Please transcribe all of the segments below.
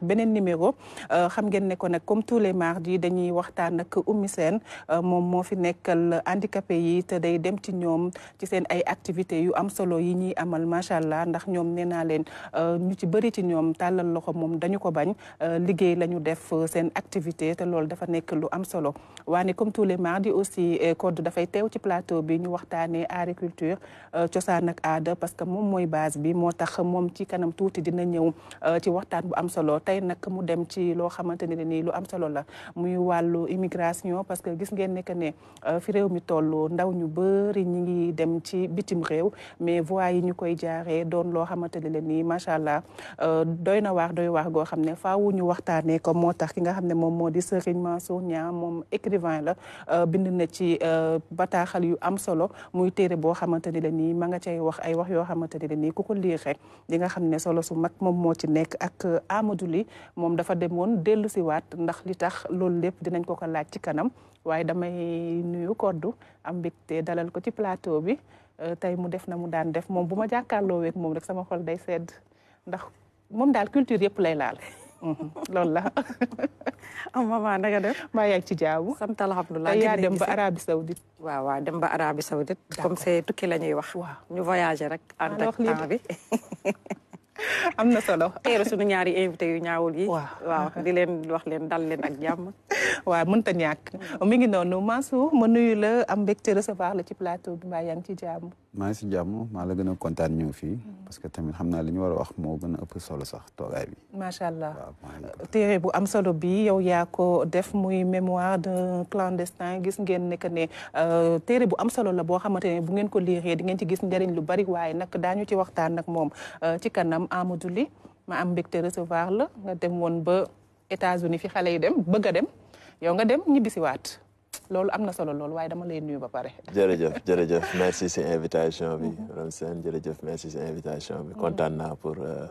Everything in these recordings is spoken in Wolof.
beneen numéro euh, xam ngeen ne nag comme tous les mardis dañuy waxtaan ak Oumy euh, moom moo fi nekkal handicapé yi te day dem ci ñoom ci seen ay activités yu am solo yi ñuy amal macha allah ndax ñoom nee naa leen euh, ñu ci bëri ci ñoom tàllal loxo moom dañu ko bañ liggéey la ñu def seen activité te loolu dafa nekk lu am solo waane comme tous les mardis aussi code dafay teew ci plateau bi ñu waxtaanee agriculture cosaan ak aada parce que moom mooy base bi moo tax moom ci kanam tuuti dina ñëw ci waxtaan bu am solo solo tey nag mu dem ci loo xamante ne nii lu am solo la muy wàllu immigration parce que gis ngeen ne que ne euh, fi réew mi toll ndaw ñu bëri ñi ngi dem ci bitim réew mais voies yi ñu koy jaaree doon loo xamante ne nii macha allah euh, doy na doy waax goo xam ne faawu ñu waxtaanee ko moo tax ki nga xam ne moom moo di Serigne Mansour Niang moom écrivain la euh, bind na ci bataaxal yu am solo muy téere boo xamante ne nii ma nga cay wax ay wax yoo xamante ne nii ku ko liiree di nga xam ne solo su mag moo ci nekk ak Amadou julli moom dafa demoon dellu si waat ndax li tax loolu lépp dinañ ko ko laaj ci kanam waaye damay nuyu koddu am te dalal ko ci plateau bi euh, tey mu def na mu daan def moom bu ma jàkkaarloo ak moom rek sama xol day sedd ndax moom daal culture yëpp lay laal mhm, loolu la. am maman naka def. maa yaa ci jaamu. sant alhamdulilah yaa dem ba Arabie Saoudite. waaw waaw dem ba Arabie Saoudite. comme c'est tukki la wax. waaw ñu voyager rek. am na solo teeru suñu ñaari invité yu ñaawul waa waaw di leen wax leen dal leen ak jàmm. waaw mënta ñàkk mi ngi noonu Mansour ma nuyu la am mbégte recevoir la ci plateau bi mbaa yaa ci jàmm. maa si jàmm maa la gën a kontaan ñëw fii parce que tamit xam na li ñu war a wax moo gën a ëpp solo sax toogaay bi macha allah téere bu am solo bi yow yaa ko def muy mémoire de clandestin gis ngeen ne que ne euh, téere bu am solo la boo xamante ne bu ngeen ko liiree di ngeen ci gis njëriñ lu bari waaye nag daañu ci waxtaan nag moom euh, ci kanam Amadou Ly ma am mbégte recevoir la nga dem woon ba États-Unis fi xale yi dem bëgg a dem yow nga dem ñibbisiwaat loolu am na solo loolu waaye dama lay nuyu ba pare. jërëjëf jërëjëf merci si invitation bi. Mhm. Ram Sène jërëjëf merci si invitation bi kontaan naa pour euh,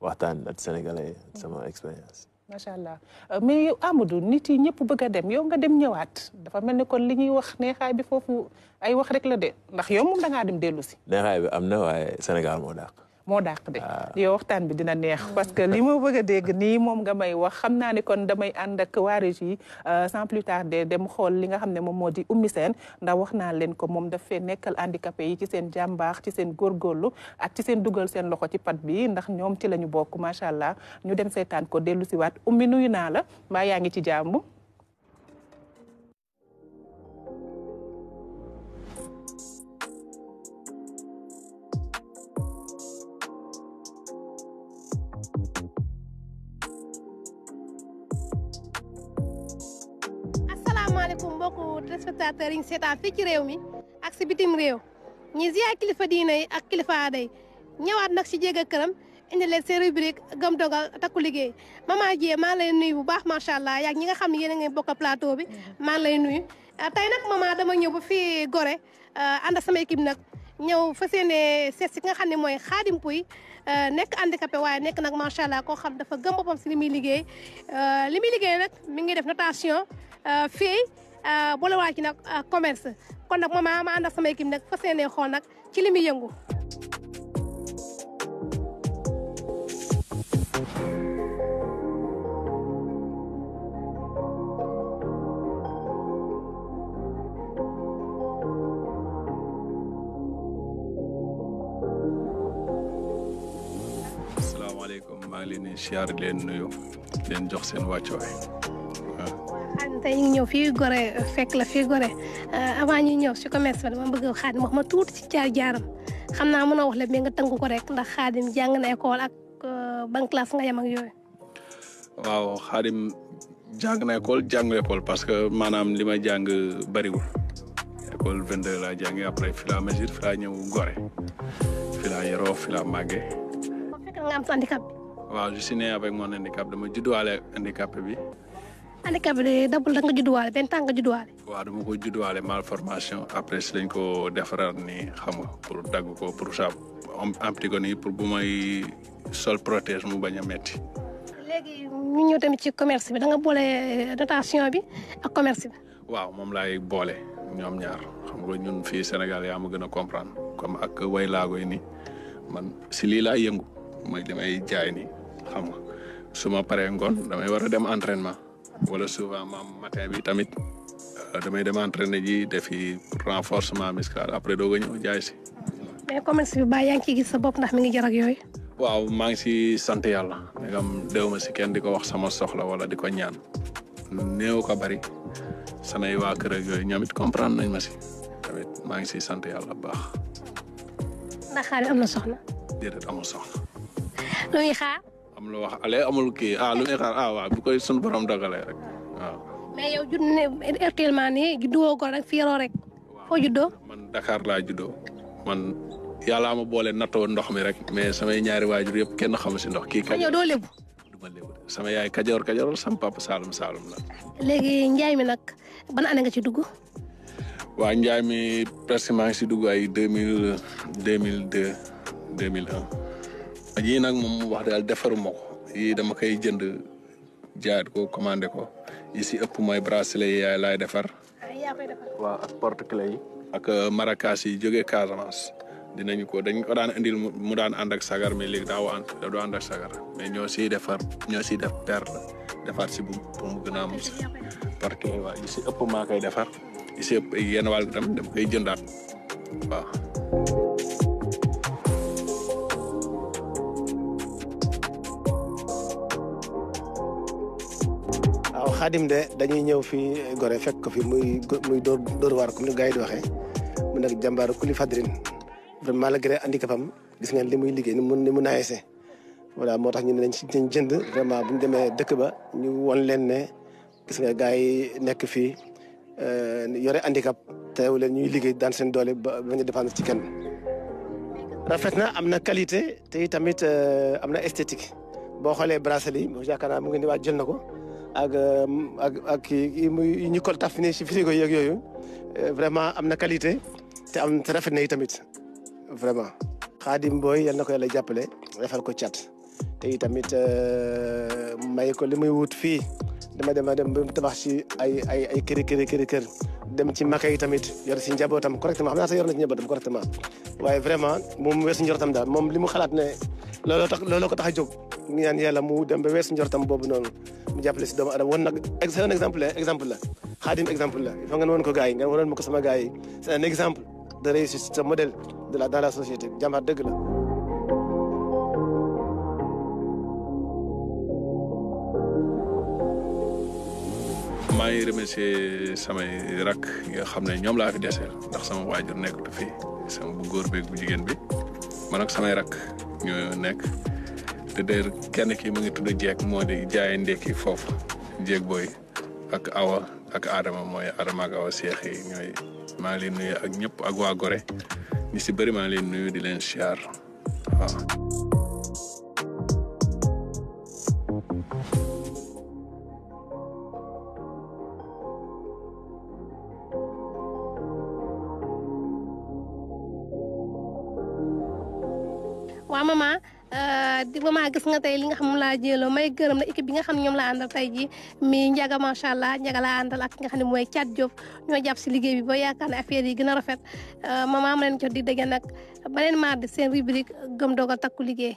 waxtaan ak sénégalais sama mhm. expérience. macha allah euh, mais Amadou nit yi ñëpp bëgg a dem yow nga dem ñëwaat dafa mel ni kon li ñuy wax neexaay bi foofu ay wax rek la de ndax yow moom da dem dellu si. bi am na waaye Sénégal moo dàq. moo dàq de yow ah. waxtaan bi dina neex parce que li ma bëgg a dégg nii moom nga may wax xam naa ne kon damay ànd ak waa régie euh, sans plus tarder dem xool li nga xam ne moom moo di ummi seen ndax wax naa leen ko moom daf fee nekkal handicapé yi ci seen jàmbaax ci seen góorgóorlu ak ci seen dugal seen loxo ci pat bi ndax ñoom ci la ñu bokk macha allah ñu dem seetaan ko dellu si waat ummi nuyu naa la maa yaa ngi ci jàmm asalaamaaleykum mbokku téléspectateurs yi ñu seetaan fii ci réew mi ak si bitim réew ñi ziar kilifa diina yi ak kilifaa day yi ñëwaat nag si jéeg a këram indi leen seen rubrique gëm dogal takku liggéey maman Dieng maa lay nuyu bu baax macha allah yaag ñi nga xam ne yéen a ngi bokk plateau bi mm-hmm. maa ngi lay nuyu. Ah, tey nag maman dama ñëw ba fii Gorée ah, ànd ak sama équipe nag ñëw fa yéene seet si ki nga xam ne mooy Khadim Pouye ah, nekk handicapé waaye nekk nag macha allah koo xam dafa gëm boppam si li muy liggéey li muy liggéey nag mi ngi def notation. Euh, feey euh, boolewaat ci nag euh, commerce kon nag maman ma ànd ak sama nag fas yéenee xool nag ci li muy yëngu. maa ngi leen di leen nuyu leen jox seen wàccuwaay. tey ñu ngi ñëw fii Gorée fekk la fii Gorée euh, avant ñuy ñëw si commerce ba dama a Xaadim wax ma tuuti ci jaar jaaram xam naa mënoo wax la mais nga tënk ko rek ndax Xaadim jàng na école ak euh, ban classe jàng na école jàngu école parce que maanaam li may jàng bariwul école 22 laa jàngee après fi laa mesure fi laa ñëw Gorée fi laa yoroo fi laa màggee. fekk waaw je suis né avec mon handicap dama judduwaale handicap bi. handicap bi dabul rek nga judduwaale benn tànk nga judduwaale. waaw dama ko judduwaale malformation après si lañ ko defaral ni xam nga pour dagg ko pour saabu amputé ko nii pour bu may sol protège mu bañ a metti léegi ñu ñëw tamit ci commerce bi da nga boole euh, notation bi ak commerce bi. waaw moom laay boole ñoom ñaar xam nga ñun fii Sénégal yaa ma gën a comprendre comme ak way laago yi nii man si lii laa yëngu mooy damay jaay nii xam nga su ma paree ngoon damay war a dem entraînement. wala souvent ma matin bi tamit euh, damay dem entraîné ji defi renforcement musculaire après doog a ñëw jaay si. mais commerce bi ba yaa ciy gis sa bopp ndax mi ngi jar ak waaw maa ngi si sant yàlla. ndegam ma si kenn di ko wax sama soxla wala di ko ñaan. néew ko bari samay waa kër ak yooyu ñoom it comprendre nañ ma si. tamit maa ngi siy sant yàlla bu baax. ndax xaar am na soxna. déedéet amul soxna. lu am lu wax ale amul kii ah lu xaar ah waaw bu koy sunu borom dogalee rek waaw. mais yow judd ne actuellement nii juddoo ko rek fii rek. foo juddoo. man Dakar laa juddoo man yàllaa ma boole nattoo ndox mi rek mais samay ñaari waajur yëpp kenn xamu si ndox. ki kajoor doo lébu. du ma lébu sama yaay kajoor kajoor sama papa Saalum Saalum la. léegi njaay mi nag ban année nga ci dugg. waa njaay mi presque maa ngi si dugg ay deux mil deux mil deux deux un yii nag moom wax daal defaruma ko dama koy jënd jaat ko commandé ko yi si ëpp mooy bracelet yi laay defar. waaw ak porte clé yi. ak euh, marakaas yi jógee Casamance dinañu ko dañ ko daan indil mu daan ànd ak sagar mais léegi daaw ànd da doo ànd sagar mais ñoo siy defar ñoo siy def perle defar si bu pour mu gën a am porte si ëpp maa koy defar yi ëpp yenn wàll tam dama koy jëndaat waaw. xaadim de dañuy ñëw fi gore fekk ko fi muy muy dóor dóor waar comme ni gars yi di waxee mu nekk jàmbaaru kuli fadrin vraiment malgré handicap am gis ngeen li muy liggéey ni mu ni mu naayese voilà moo tax ñu ne dañ si dañ jënd vraiment bu ñu demee dëkk ba ñu won leen ne gis na gars yi nekk fii euh, yore handicap teew leen ñuy liggéey daan seen doole ba ba ñu dépendre ci kenn. rafet na am na qualité te tamit euh, am na esthétique boo xoolee bracelet yi yaakaar naa mu ngi ni waa jël na ko. Euh, ak ak ak muy ñu ko tafini si frigo yeeg yooyu euh, vraiment am na qualité te am te rafet na yi tamit vraiment. Xaadim Mboy yal na ko yàlla jàppale defal ko cat te i tamit euh, may ko li muy wut fii dama dema dem ba tabax si ay ay ay këri këri këri dem ci maka yi tamit yor si njabootam correctement xam naa sax yor na si njabootam correctement waaye vraiment moom weesu njortam daal moom li mu xalaat ne looloo tax looloo ko tax a jóg. ñu ngi ñaan yàlla mu dem ba weesu njortam boobu noonu mu jàppale si doomu adama woon exemple exemple la xaadim exemple la il faut nga woon ko gars yi nga waroon ma ko sama gars yi c'est un exemple de réussite sa modèle de la dans la société jàmbaar dëgg la maa ngi remercier samay rak nga xam ne ñoom laa fi deseel ndax sama waajur nekkatu bi man ak samay rak ñoo nekk te de kenn ki mu ngi tudd jeeg moo di jaay ndekki foofu jeeg booy ak awa ak Adama mooy Adama ak awa seex ñooy maa ngi leen ak ñëpp ak waa Gore ñu si bëri maa ngi leen nuyu di leen siyaar vraiment gis nga tey li nga xam moom laa jëloo may gërëm la équipe bi nga xam ñoom laa àndal tey ji mi njaga macha allah njaga laa àndal ak ki nga xam ne mooy Thiat Diop ñoo jàpp si liggéey bi boo yaakaar ne affaire yi gën a ma euh, mama am leen jot di dégg nag beneen mardi seen rubrique gëm dogal takku liggéey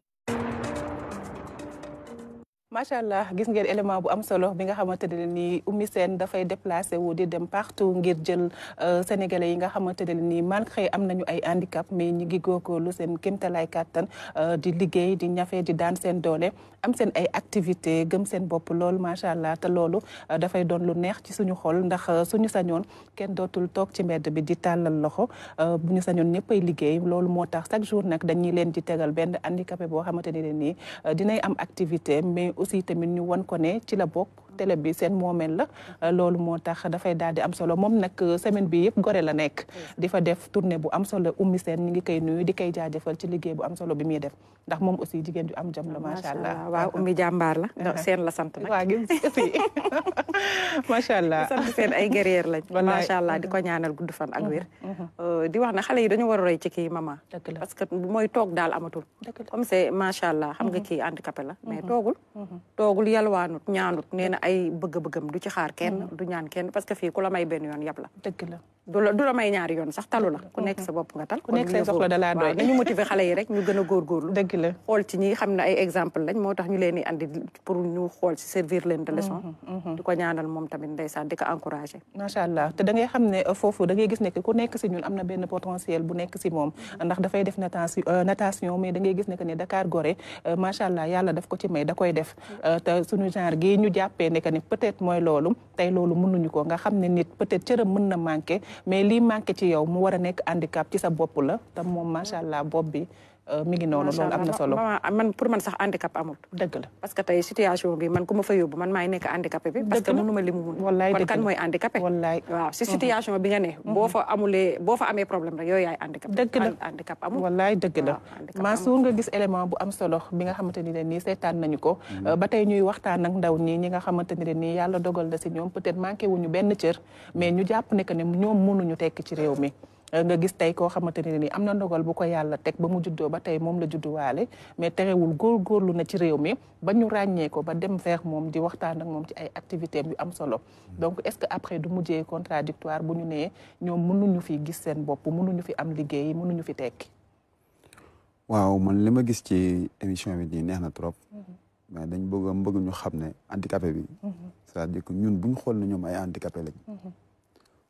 macha allah gis ngeen élément bu am solo bi nga xamante ne nii Oumy Sène dafay déplacé wu di dem partout ngir jël euh, sénégalais yi nga xamante ne nii malgré am nañu ay handicap mais ñi ngi góorgóorlu seen kéemtalaay kàttan euh, di liggéey di ñafee di daan seen doole am seen ay activité gëm seen bopp lool macha allah ta loolu euh, dafay doon lu neex ci suñu xol ndax suñu sañoon kenn dootul toog ci mbedd bi di tàllal loxo bu ñu sañoon ñëppay liggéey loolu moo tax chaque jour nag dañuy leen di tegal benn handicapé boo xamante ne nii dinay am activité aussi tamit ñu wan ko ne ci la bokk télé bi seen moomeel la euh, loolu moo tax dafay daal di am solo moom nag euh, semaine bi yëpp gore la nekk di fa def tournée bu am solo ummi seen ñi ngi koy nuyu di koy jaajëfal ci liggéey bu am solo bi muy def ndax moom aussi jigéen ju am jom la macha allah waaw ummi jàmbaar la seen la sant nag waaw macha allah sant seen ay guerrière lañ macha allah di ko ñaanal gudd fan ak wér euh, di wax ne xale yi dañu war a roy ci kii mama parce que mooy toog daal amatul comme macha allah xam nga kii handicapé la mais toogul toogul yalwaanut ñaanut ay bëgg-bëggam du ci xaar mm. kenn parce que fii ku la may benn yoon yab la a góorgóorlu la daf ko ci may da def mm-hmm. euh, te genre gi ñu jàppee ne que ni peut-être mooy loolu mun loolu mënuñu ko nga xam ne nit peut-être cëram mën na manqué mais lii manqué ci yow mu war a nekk handicap ci sa bopp la te moom macha allah bopp bi Euh, mi ngi noonu loolu am na solo man pour man sax handicap amul dëgg la parce que tey situation bi man ku ma fa man maay nekk handicapé bi parce que mënu ma li mun kan mooy handicapé wallaay mhm. situation bi nga ne mhm. boo fa amulee boo fa amee problème rek yooyu yaay handicapé dëgg la handicap amul wallaay dëgg la Mansour nga gis élément bu am solo bi nga xamante ni leen nii seetaan nañu ko mhm. euh, ba ñuy waxtaan ak ndaw ñi ñi nga xamante ni leen nii yàlla dogal na si ñoom peut-être manqué wuñu benn cër mais ñu jàpp ne que ne ñoom mënuñu tekk ci réew mi Euh, nga gis tey koo xamante ne ni am na ndogal bu ko yàlla teg ba mu juddoo ba tey moom la judduwaale mais terewul góorgóorlu na ci réew mi ba ñu ràññee ba dem vers moom di waxtaan ak moom ci ay activités yu am solo donc est-ce que après du mujjee contradictoire bu ñu nee ñoom mënuñu fi gis seen bopp mënuñu fi am liggéey mënuñu fi tekki. waaw man li ma gis ci émission bi nii neex na trop. Mm-hmm. mais dañ bëgg ñu xam ne handicapé bi. Mm-hmm. cest dire que ñun bu xool ne ñoom ay handicapé lañ. Mm-hmm.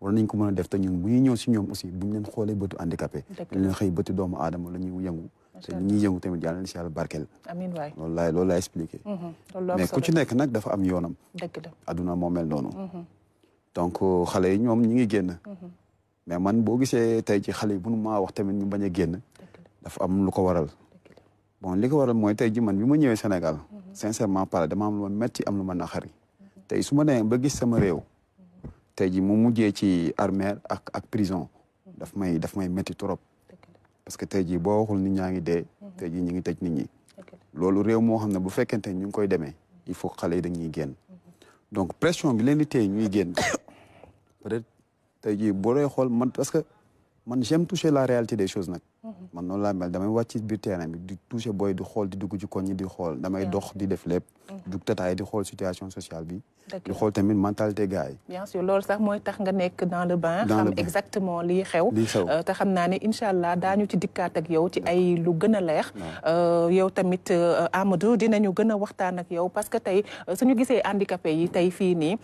war nañ ko mën def te ñun bu ñuy ñëw si ñoom aussi bu ñu xoolee bëtu handicapé dañ leen xëy bëtu doomu aadama la ñuy yëngu te li ñuy yëngu tamit yàlla na si mhm. nekk nag dafa am yoonam dëgg la adduna moo mel mhm. euh, xale yi ñoom ñi ngi génn mhm. mais man boo gisee tey ci xale yi bu nu wax tamit ñu bañ a génn dafa am lu ko waral bon li ko waral mooy tey ji man bi ma ñëwee Sénégal sincèrement parlé dama am lu ma metti am lu ma naqari tey su ma demee ba gis sama réew tey ji mu mujjee ci armeel ak ak prison daf may daf may métti trop parce que tey jii boo waxul nit ñaa ngi dee mhm. tey jii ñu ngi tëj nit ñi loolu réew moo xam ne bu fekkente ñu ngi koy demee il faut xale yi dañuy génn mhm. donc pression bi leen di téye ñuy tey jii boo doy xool man parce que man j'aime toucher la réalité des chose nag Mhm. man noonu laa mel damay wàcc biir terrain bi di toucher booy di xool di dugg ci koñ ñi di xool damay dox di def lépp. Mhm. jug tataay di xool situation sociale bi. di xool tamit le bain. xam exactement lii xew. lii xew euh, te a leex. Euh, euh, Amadou dinañu gën a waxtaan ak yow parce que tey suñu gisee handicapé yi tey fii nii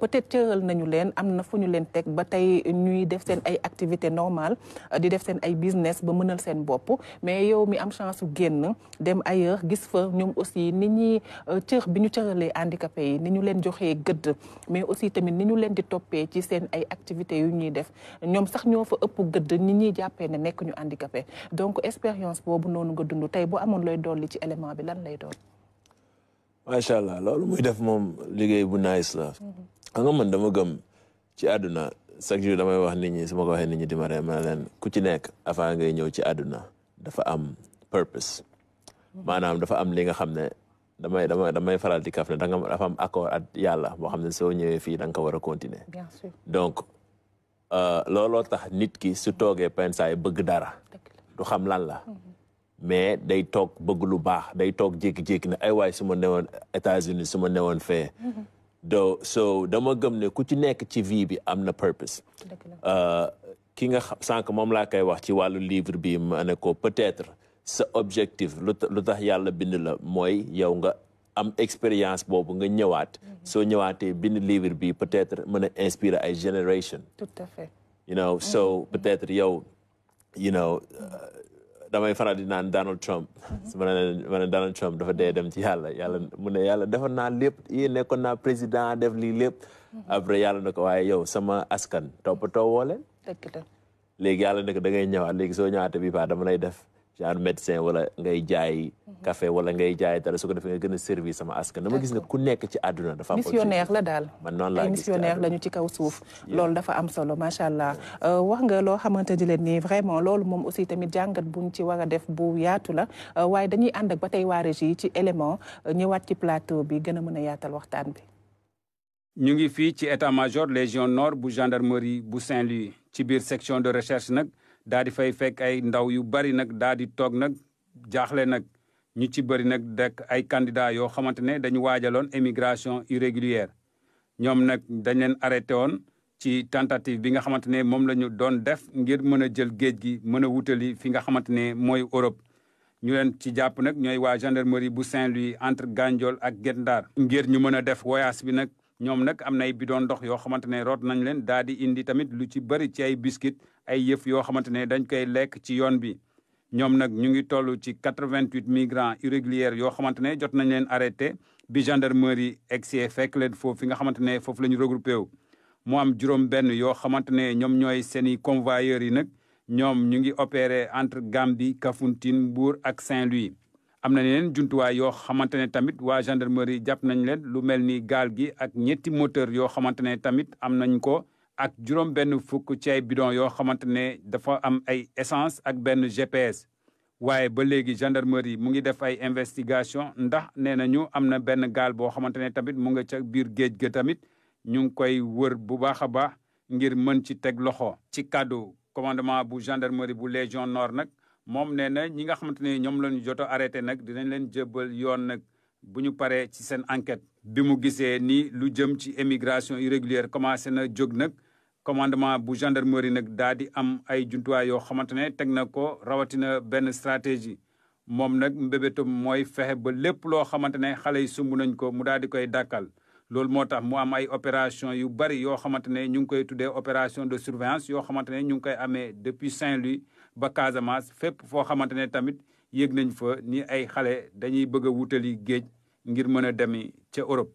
peut-être cëral nañu leen am na fu ñu leen teg ba tey ñuy def seen ay activité normale di def seen ay business ba mën mënal seen bopp mais yow mi am chance su génn dem ailleurs gis fa ñoom aussi ni ñi euh, cër bi ñu cëralee handicapé yi ni ñu leen joxee gëdd mais aussi tamit ni ñu leen di toppee ci seen ay activité yu ñuy def ñoom sax ñoo fa ëpp gëdd ni ñuy jàppee ne nekk ñu handicapé donc expérience boobu noonu nga dund tey boo amoon looy dolli ci élément bi lan lay doon macha allah loolu muy def moom liggéey bu nice la mm-hmm. xam nga man dama gëm ci àdduna chaque jour damay wax nit ñi su ma ko waxee nit ñi di ma ree ma leen ku ci nekk avant ngay ñëw ci àdduna dafa am purpose maanaam dafa am li nga xam ne damay damay damay faral di kaf ne da nga dafa am accord ak yàlla boo xam ne soo ñëwee fii danga nga ko war a continuer bien sûr donc euh, looloo tax nit ki su toogee pensaay bëgg dara du xam lan la mhm. mais day toog bëgg lu baax day toog jékki-jékki ne ay waay su ma newoon États-Unis su ma newoon fee mhm. do dama gëm ne ku ci nekk ci vie bi am na purpose euh, ki nga xam sànq moom laa koy wax ci wàllu livre bi ma ne ko peut-être sa objectif lu tax yàlla bind la mooy yow nga am expérience boobu nga ñëwaat mm-hmm. soo ñëwaatee bind livre bi peut-être mën a inspirer ay génération tout à fait you know so mm-hmm. peut-être yow mm-hmm. euh, damay faral di naan Donald Trump su ma ne ne Donald dafa dee dem ci yàlla yàlla mu ne yàlla defoon naa lépp yii nekkoon naa président def lii lépp après yàlla na ko waaye yow sama askan toppatoo woo leen léegi yàlla ne ko da ngay ñëwaat léegi soo ñëwaatee bi baax dama lay def genre médecin wala ngay jaay café wala ngay jaay dara su ko defee nga gën a service sama askan dama gis ne ku nekk ci àdduna dafa missionnaire la daal man noonu laa gis missionnaire lañu ci kaw suuf loolu dafa am solo macha allah euh, wax nga loo xamante di leen nii vraiment loolu moom aussi tamit jàngat buñ ci war a def bu yaatu la euh, waaye dañuy ànd ak ba tey waa régie ci élément euh, ñëwaat ci plateau bi gën a mën a yaatal waxtaan bi ñu ngi fii ci état major légion nord bu gendarmerie bu Saint-Louis ci biir section de recherche nag daa di fay fekk ay ndaw yu bari nag daa di toog nag jaaxle nag ñu ci bëri nag dekk ay candidats yoo xamante ne dañu waajaloon émigration irrégulière ñoom nag dañ leen arrêté woon ci tentative bi nga xamante ne moom la ñu doon def ngir mën a jël géej gi mën a wutali fi nga xamante ne mooy Europe ñu leen ci jàpp nag ñooy waa gendarmerie bu Saint-Louis entre Gandiol ak Guet ngir ñu mën a def voyage bi nag ñoom nag am na ay bidon ndox yoo xamante ne root nañ leen daa di indi tamit lu ci bëri ci ay biscuit ay yëf yoo xamante ne dañ koy lekk ci yoon bi ñoom nag ñu ngi toll ci 88 migrants irréguliers yoo xamante ne jot nañ leen arrêté bi gendarmerie egsee fekk leen foofu fi nga xamante ne foofu la ñu regroupé wu mu am juróom benn yoo xamante ne ñoom ñooy seeni convoyeurs yi nag ñoom ñu ngi opéré entre Gambie Kafountine buur ak Saint-Louis am na yeneen jumtuwaay yoo xamante ne tamit waa gendarmerie jàpp nañ leen lu mel ni gaal gi ak ñetti moteur yoo xamante ne tamit am nañ ko ak juróom benn fukk ci ay bidon yoo xamante ne dafa am ay essence ak benn GPS waaye ba léegi gendarmerie mu ngi def ay investigation ndax nee nañu am na benn gaal boo xamante ne tamit mu nga ca biir géej ga tamit ñu ngi koy wër bu baax a baax ngir mën ci teg loxo. ci kàddu commandement bu gendarmerie bu légion nord nag. moom nee na ñi nga xamante ne ñoom lañu joto arrêté nag dinañ leen jébbal yoon nag bu ñu paree ci seen enquête bi mu gisee ni lu jëm ci émigration irrégulière commencé na jóg nag commandement bu gendarmerie nag daa di am ay jumtuwaay yoo xamante ne teg na ko rawatina benn stratégie moom nag mbébétam mooy fexe ba lépp loo xamante ne xale yi sumb nañ ko mu daal di koy dàkkal loolu moo tax mu am ay opération yu bari yoo xamante ne ñu ngi koy tuddee opération de surveillance yoo xamante ne ñu ngi koy amee depuis Saint-Louis ba Casamance fépp foo xamante ne tamit yëg nañ fa ni ay xale dañuy bëgg a wutali géej ngir mën a demi ca Europe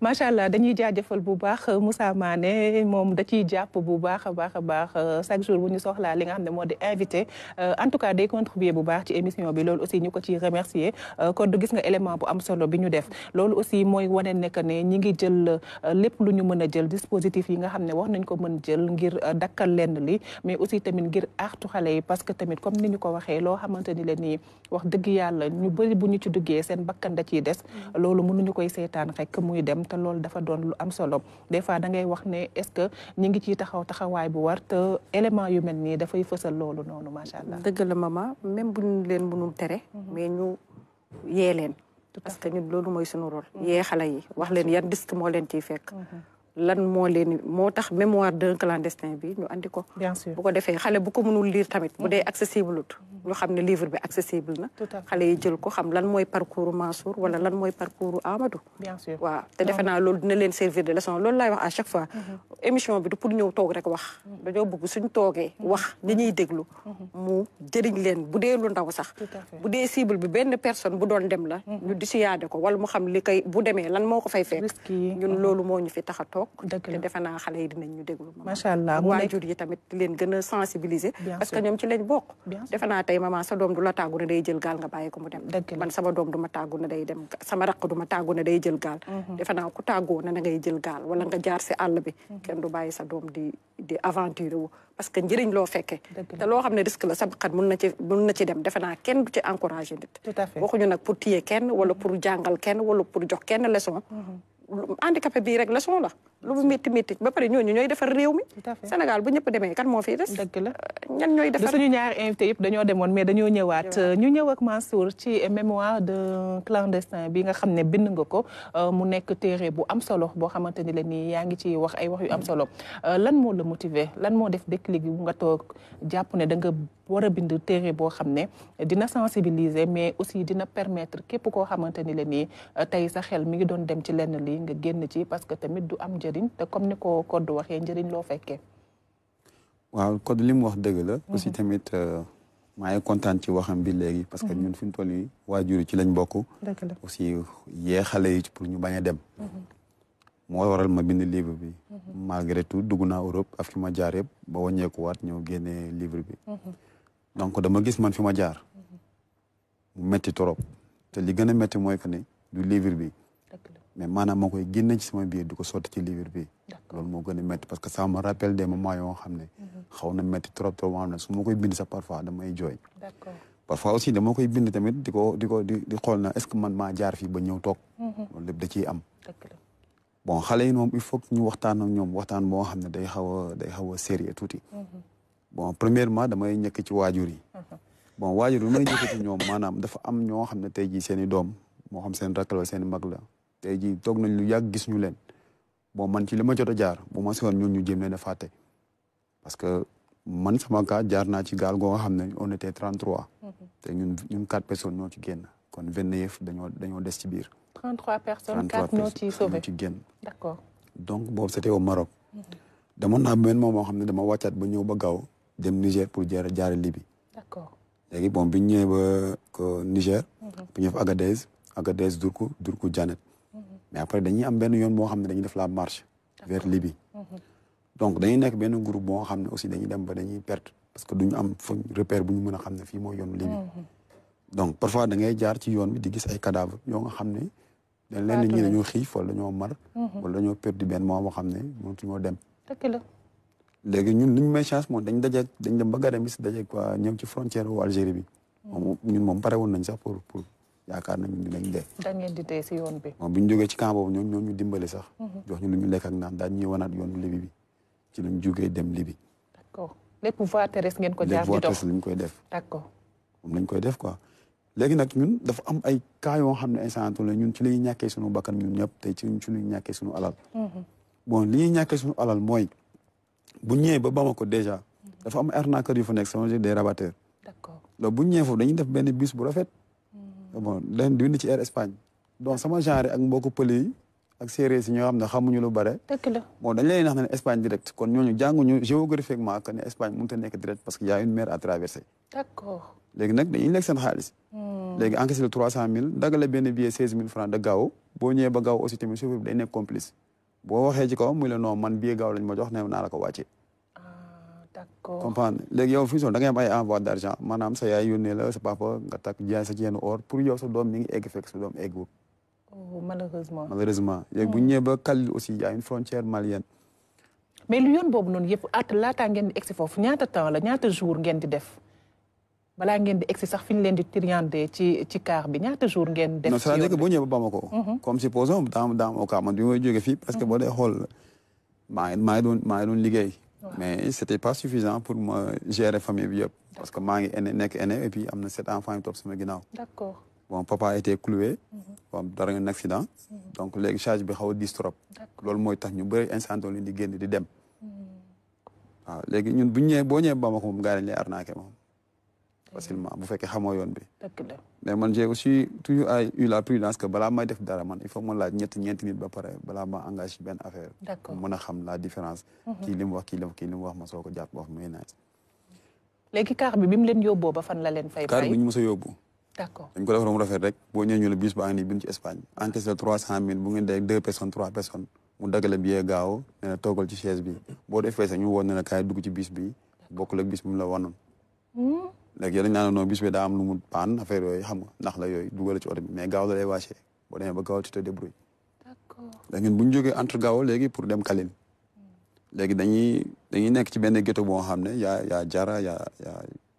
macha allah dañuy jaajëfal bu baax euh, Moussa Mané moom da ciy jàpp bu baax a baax a baax euh, chaque jour bu ñu soxlaa li nga xam ne moo di invité euh, en tout cas day contribuer bu baax ci émission bi loolu ñu ko ciy remercier kon gis nga élément bu am solo bi ñu def loolu aussi mooy wane ne que ne ñi ngi jël lépp lu ñu mën a jël dispositif yi nga xam ne wax nañ ko mën jël ngir dakkal lenn li mais aussi tamit ngir aartu xale yi parce que tamit comme ni ñu ko waxee loo xamante ni leen nii wax dëgg yàlla ñu bëri bu ñu ci duggee seen bakkan da ciy des mm. loolu mënuñu koy seetaan rek muy dem te loolu dafa doon lu am solo des fois da ngay wax ne est-ce que ñi ngi ciy taxaw taxawaay bu war te élément yu mel nii dafay fësal loolu noonu macha allah. dëgg ma maman même bu ñu leen mënul tere. Mhm. mais ñu yee leen. parce que ñun loolu mooy suñu rôle. Mhm. yee xale yi wax leen yan risque moo leen ciy fekk. Mhm. lan moo leen moo tax mémoire d'un clandestin bi ñu andi ko. bien sûr bu ko defee xale bu ko mënul lire tamit. bu dee mm-hmm. accessible lut ñu xam ne livre bi accessible na. xale yi jël ko xam lan mooy parcours Mansour wala lan mooy parcours Amadou. waaw te defe naa dina leen servir de leçon loolu laay wax à chaque fois. Mm-hmm. émission bi du pour ñëw toog rek wax. Mm-hmm. dañoo bëgg suñ toogee wax ni ñuy déglu. mu jëriñ leen bu dee lu ndaw sax. bu dee cible bi benn personne bu doon dem la. ñu disuyaade ko wala mu xam moo ko fay moo ñu fi toog te defe naa xale yi dinañ ñu déglu allah waajur yi tamit leen gën a sensibiliser parce que ñoom ci lañ bokk defe naa tey maman sa doom du la tàggu ne day jël gaal nga mhm. jaar si àll bi mhm. kenn du bàyyi sa doom di aventure wu parce que njëriñ loo fekkee te loo xam ne risque la sa xat mun na ci mun na dem defe naa kenn du ci encouragé nit nag pour téye kenn wala pour jàngal kenn wala pour jox kenn leçon mhm. handicapé bii rek leçon la lu mu métti métti ba pare ñooñu ñooy defar réew mi Sénégal bu ñëpp demee kan moo fi des dëgg la euh, ñan ñooy ñu suñu ñaari invité yëpp dañoo demoon mais dañoo ñëwaat euh, ñu ñëw ak Mansour ci mémoire de clandestin bi nga xam ne bind nga ko euh, mu nekk téere bu am solo boo xamante ni la nii yaa ngi ci wax ay wax yu am solo lan moo la motiver lan moo def déclic bu nga toog jàpp ne da nga war a bind téere boo xam ne dina sensibiliser mais aussi dina permetre képp koo xamante ni la nii tey sax xel mi ngi doon dem ci lenn lii nga génn ci parce que tamit du am njëriñ te comme ni ko code waxee njëriñ loo fekkee. waaw code li mu wax dëgg la. Mhm. aussi tamit euh, maa ngi kontaan ci waxam bi léegi. parce que mhm. ñun fi mu toll nii waajur ci lañ bokk. dëgg la aussi yee xale yi pour ñu bañ a dem. Mhm. moo waral ma bind livre bi. malgré tout dugg naa Europe ak fi ma jaar yëpp ba wàññeekuwaat ñëw génnee livre bi. donc dama gis man fi ma jaar. mu métti trop te li gën a métti mooy que ne du livre bi. mais maanaam moo koy génne ci sama biir di ko sotti ci livre bi loolu moo gën a métti parce que ça me rappelle des moments yoo xam ne mhm. xaw na métti trop trop moo ma koy bind tamit di ko di ko di di xool na est que man maa jaar fii ba ñëw toog mhm. lépp da ciy am bon xale yi moom il faut ñu waxtaan ak ñoom waxtaan boo xam ne day xaw a day xaw a sérieux tuuti mhm. bon premièrement damay ñëkk ci waajur yi bon waajur bi may ñëkk ci ñoom maanaam dafa am ñoo xam ne tey jii seen i doom moo xam seen rakk la seen mag la tey jii toog nañ lu yàgg gis ñu leen bon man ci li ma jot a jaar bu ma siwoon ñun ñu jéem leen na fàtte parce que man sama cas jaar naa ci gaal goo nga xam ne on était 33. te ñun ñun quatre personne ñoo ci génn kon vingt neuf dañoo dañoo des ci biir. 33 personnes quatre ñoo ci sauvé ci génn. d'accord donc boobu c'était au Maroc. Mhm. demoon naa benn moom moo xam ne dama wàccaat ba ñëw ba gaaw dem Niger pour jaar jaare Libye. d'accord léegi bon bi ñu ñëwee ba Niger. Mhm. bu ñëw Agadez Agadez Durku Durku Janet. mais après dañuy am benn yoon boo xam ne dañuy def la marche vers Libye mhm. donc dañuy nekk benn groupe boo xam ne aussi dañuy dem ba dañuy perte parce que duñu am fu repère bu ñu mën a xam ne fii mooy yoonu Libye mhm. donc parfois da ngay jaar ci yoon bi di gis ay cadavre yoo nga xam ne dañ leen ñi dañoo xiif wala dañoo mar mhm. wala dañoo perdu benn moo boo xam ne mënatuñoo dem léegi ñun li ñu may chance moom dañ dajeeg dañ dem ba Garambis dajeeg waa ñëw ci frontière wu Algérie bi moom ñun moom pare woon nañ sax pour pour yaakaar nañu dinañ da ngeen di dee si yoon bi. moom bu ñu jógee ci camp boobu ñoom ñoo ñu dimbale sax. Mhm. jox ñu lu ñu ko jaar di dox lépp voie terrestre lañ koy def. d'accord moom lañ la ñun ci la ñuy ñàkkee sunu bakkan ñun ñëpp te ci mhm. li ñuy ñàkkee sunu alal mooy bu ñëwee ba Bamako déjà. dafa am a yu fa nekk sama des rabatteurs. d'accord loolu bu ñëwee foofu dañuy def benn bus bu rafet bon leen di bind ci air Espagne donc sama genre ak mbokku pël yi ak séeréer si ñoo xam ne xamuñu lu bare. dëgg la bon dañ leen nax ne Espagne direct kon ñooñu jànguñu géographiquement que ne Espagne mënut a nekk direct parce que y a une mer à traverser. d'accord léegi nag dañuy lekk seen xaalis. Hmm. léegi encaissé trois cent mille dagale benn billet seize mille franc da gaaw boo ñëwee gaaw aussi tamit chauffeur bi day nekk complice boo waxee kaw muy la man billet gaaw lañ ma ne d'accord comprendre léegi yow fusion da ngay am ay envoi d' argent maanaam sa yaay yónnee la sa papa nga takk jaay sa ceenu or pour yow sa doom mi egg fekk sa doom eggul. Oh, malheureusement malheureusement léegi hmm. bu ñu ñëwee aussi y a une frontière malienne. mais lu yoon boobu noonu at laataa ngeen di egsi sax fi ñu leen di triandé ci ci bi ñaata jour ngeen. def non c'est-à-dire que boo mhm. comme supposons dans dans au cas man bi may jóge fii parce que mhm. boo dee xool maa ngi doon maa mais c' était pas suffisant pour ma gérer famille bi yëpp. parce que maa ngi aîné nekk aîné et puis am na sept enfants yu topp sama ginnaaw. d' accord bon papa était cloué. Mhm. bon dara un accident. Mhm. donc léegi charge bi xaw a diis trop. loolu mooy tax ñu bëri instantané di génn di dem. Mhm. waaw léegi ñun bu ñu ñëwee boo ñëwee Bamako moom gaa dañ lay arnaqué moom. facilement bu fekkee xamoo yoon bi. mais man j'ai aussi toujours ay la prudence que balaa may def dara man il faut ma laaj ñetti ñeenti nit ba pare balaa ma engagé benn affaire. mën a xam la différence. Mhm. kii li mu wax kii li mu kii li mu wax ma soo ko jàpp wax muy naaj. bi bi mu leen yóbboo ba fan la leen fay. car bi ñu mës a yóbbu. d'accord dañ ko boo ñëwee ñu ne bus baa ngi nii bind ci Espagne encaissé trois cent mille bu ngeen dee deux personnes trois personnes mu dagale billet gaaw ne la ci chaise bi boo defee sax ñu woon ne la kaay dugg ci bis bi bokkul ak bis bi mu la léegi dañ naan non bis bi daa am lu mu paan affaire yooyu xam nga ndax la yooyu dugal ci oto bi mais gaaw la lay wàcce gaaw tu te débrouille. d'accord léegi bu ñu jógee entre gaaw léegi pour dem Kaline. léegi dañuy dañuy nekk ci benn ghetto boo xam ne yaa yaa jara yaa yaa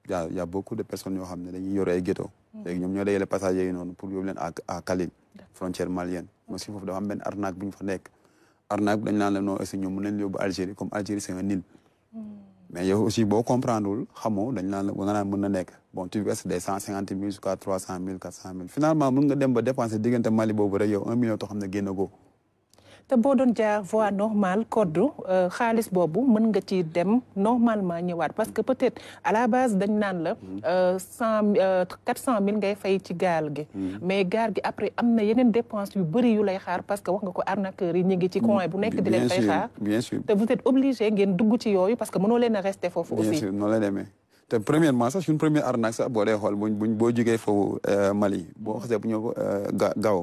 yaa yaa beaucoup de personnes yoo xam ne dañuy yore ay ghetto. Hmm. léegi ñoom ñoo dajale passagers yi noonu pour yóbbu leen a à Kaline. frontière malienne. parce que foofu dafa am benn arnaque ñu fa nekk. arnaque bi dañ naan la non est-ce que ñoom mën nañu yóbbu comme Algérie c'est mais yow aussi boo comprendre wul xamoo dañ naan nga naan mën na nekk bon tu verses des cent cinquante mille jusqu'à trois cent mille quatre cent mille finalement mën nga dem ba dépenser diggante Mali boobu rek yow un million too xam ne génn te boo doon jaar voie normale code euh, xaalis boobu mën nga ci dem normalement ñëwaat parce que peut-être à la base dañ naan la euh, cent euh, quatre cent mille ngay fay ci gaal gi mm. mais gaal gi après am na yeneen dépense yu bari yu lay xaar parce que wax nga ko arnaqueur yi ñu ngi ci coin bu nekk di leen fay xaar te vous êtes obligé ngeen dugg ci yooyu parce que mënoo leen a rester foofu aussi bien sûr noonu xool buñ buñ boo jógee foofu Mali boo xasee bu ñëw ko gaaw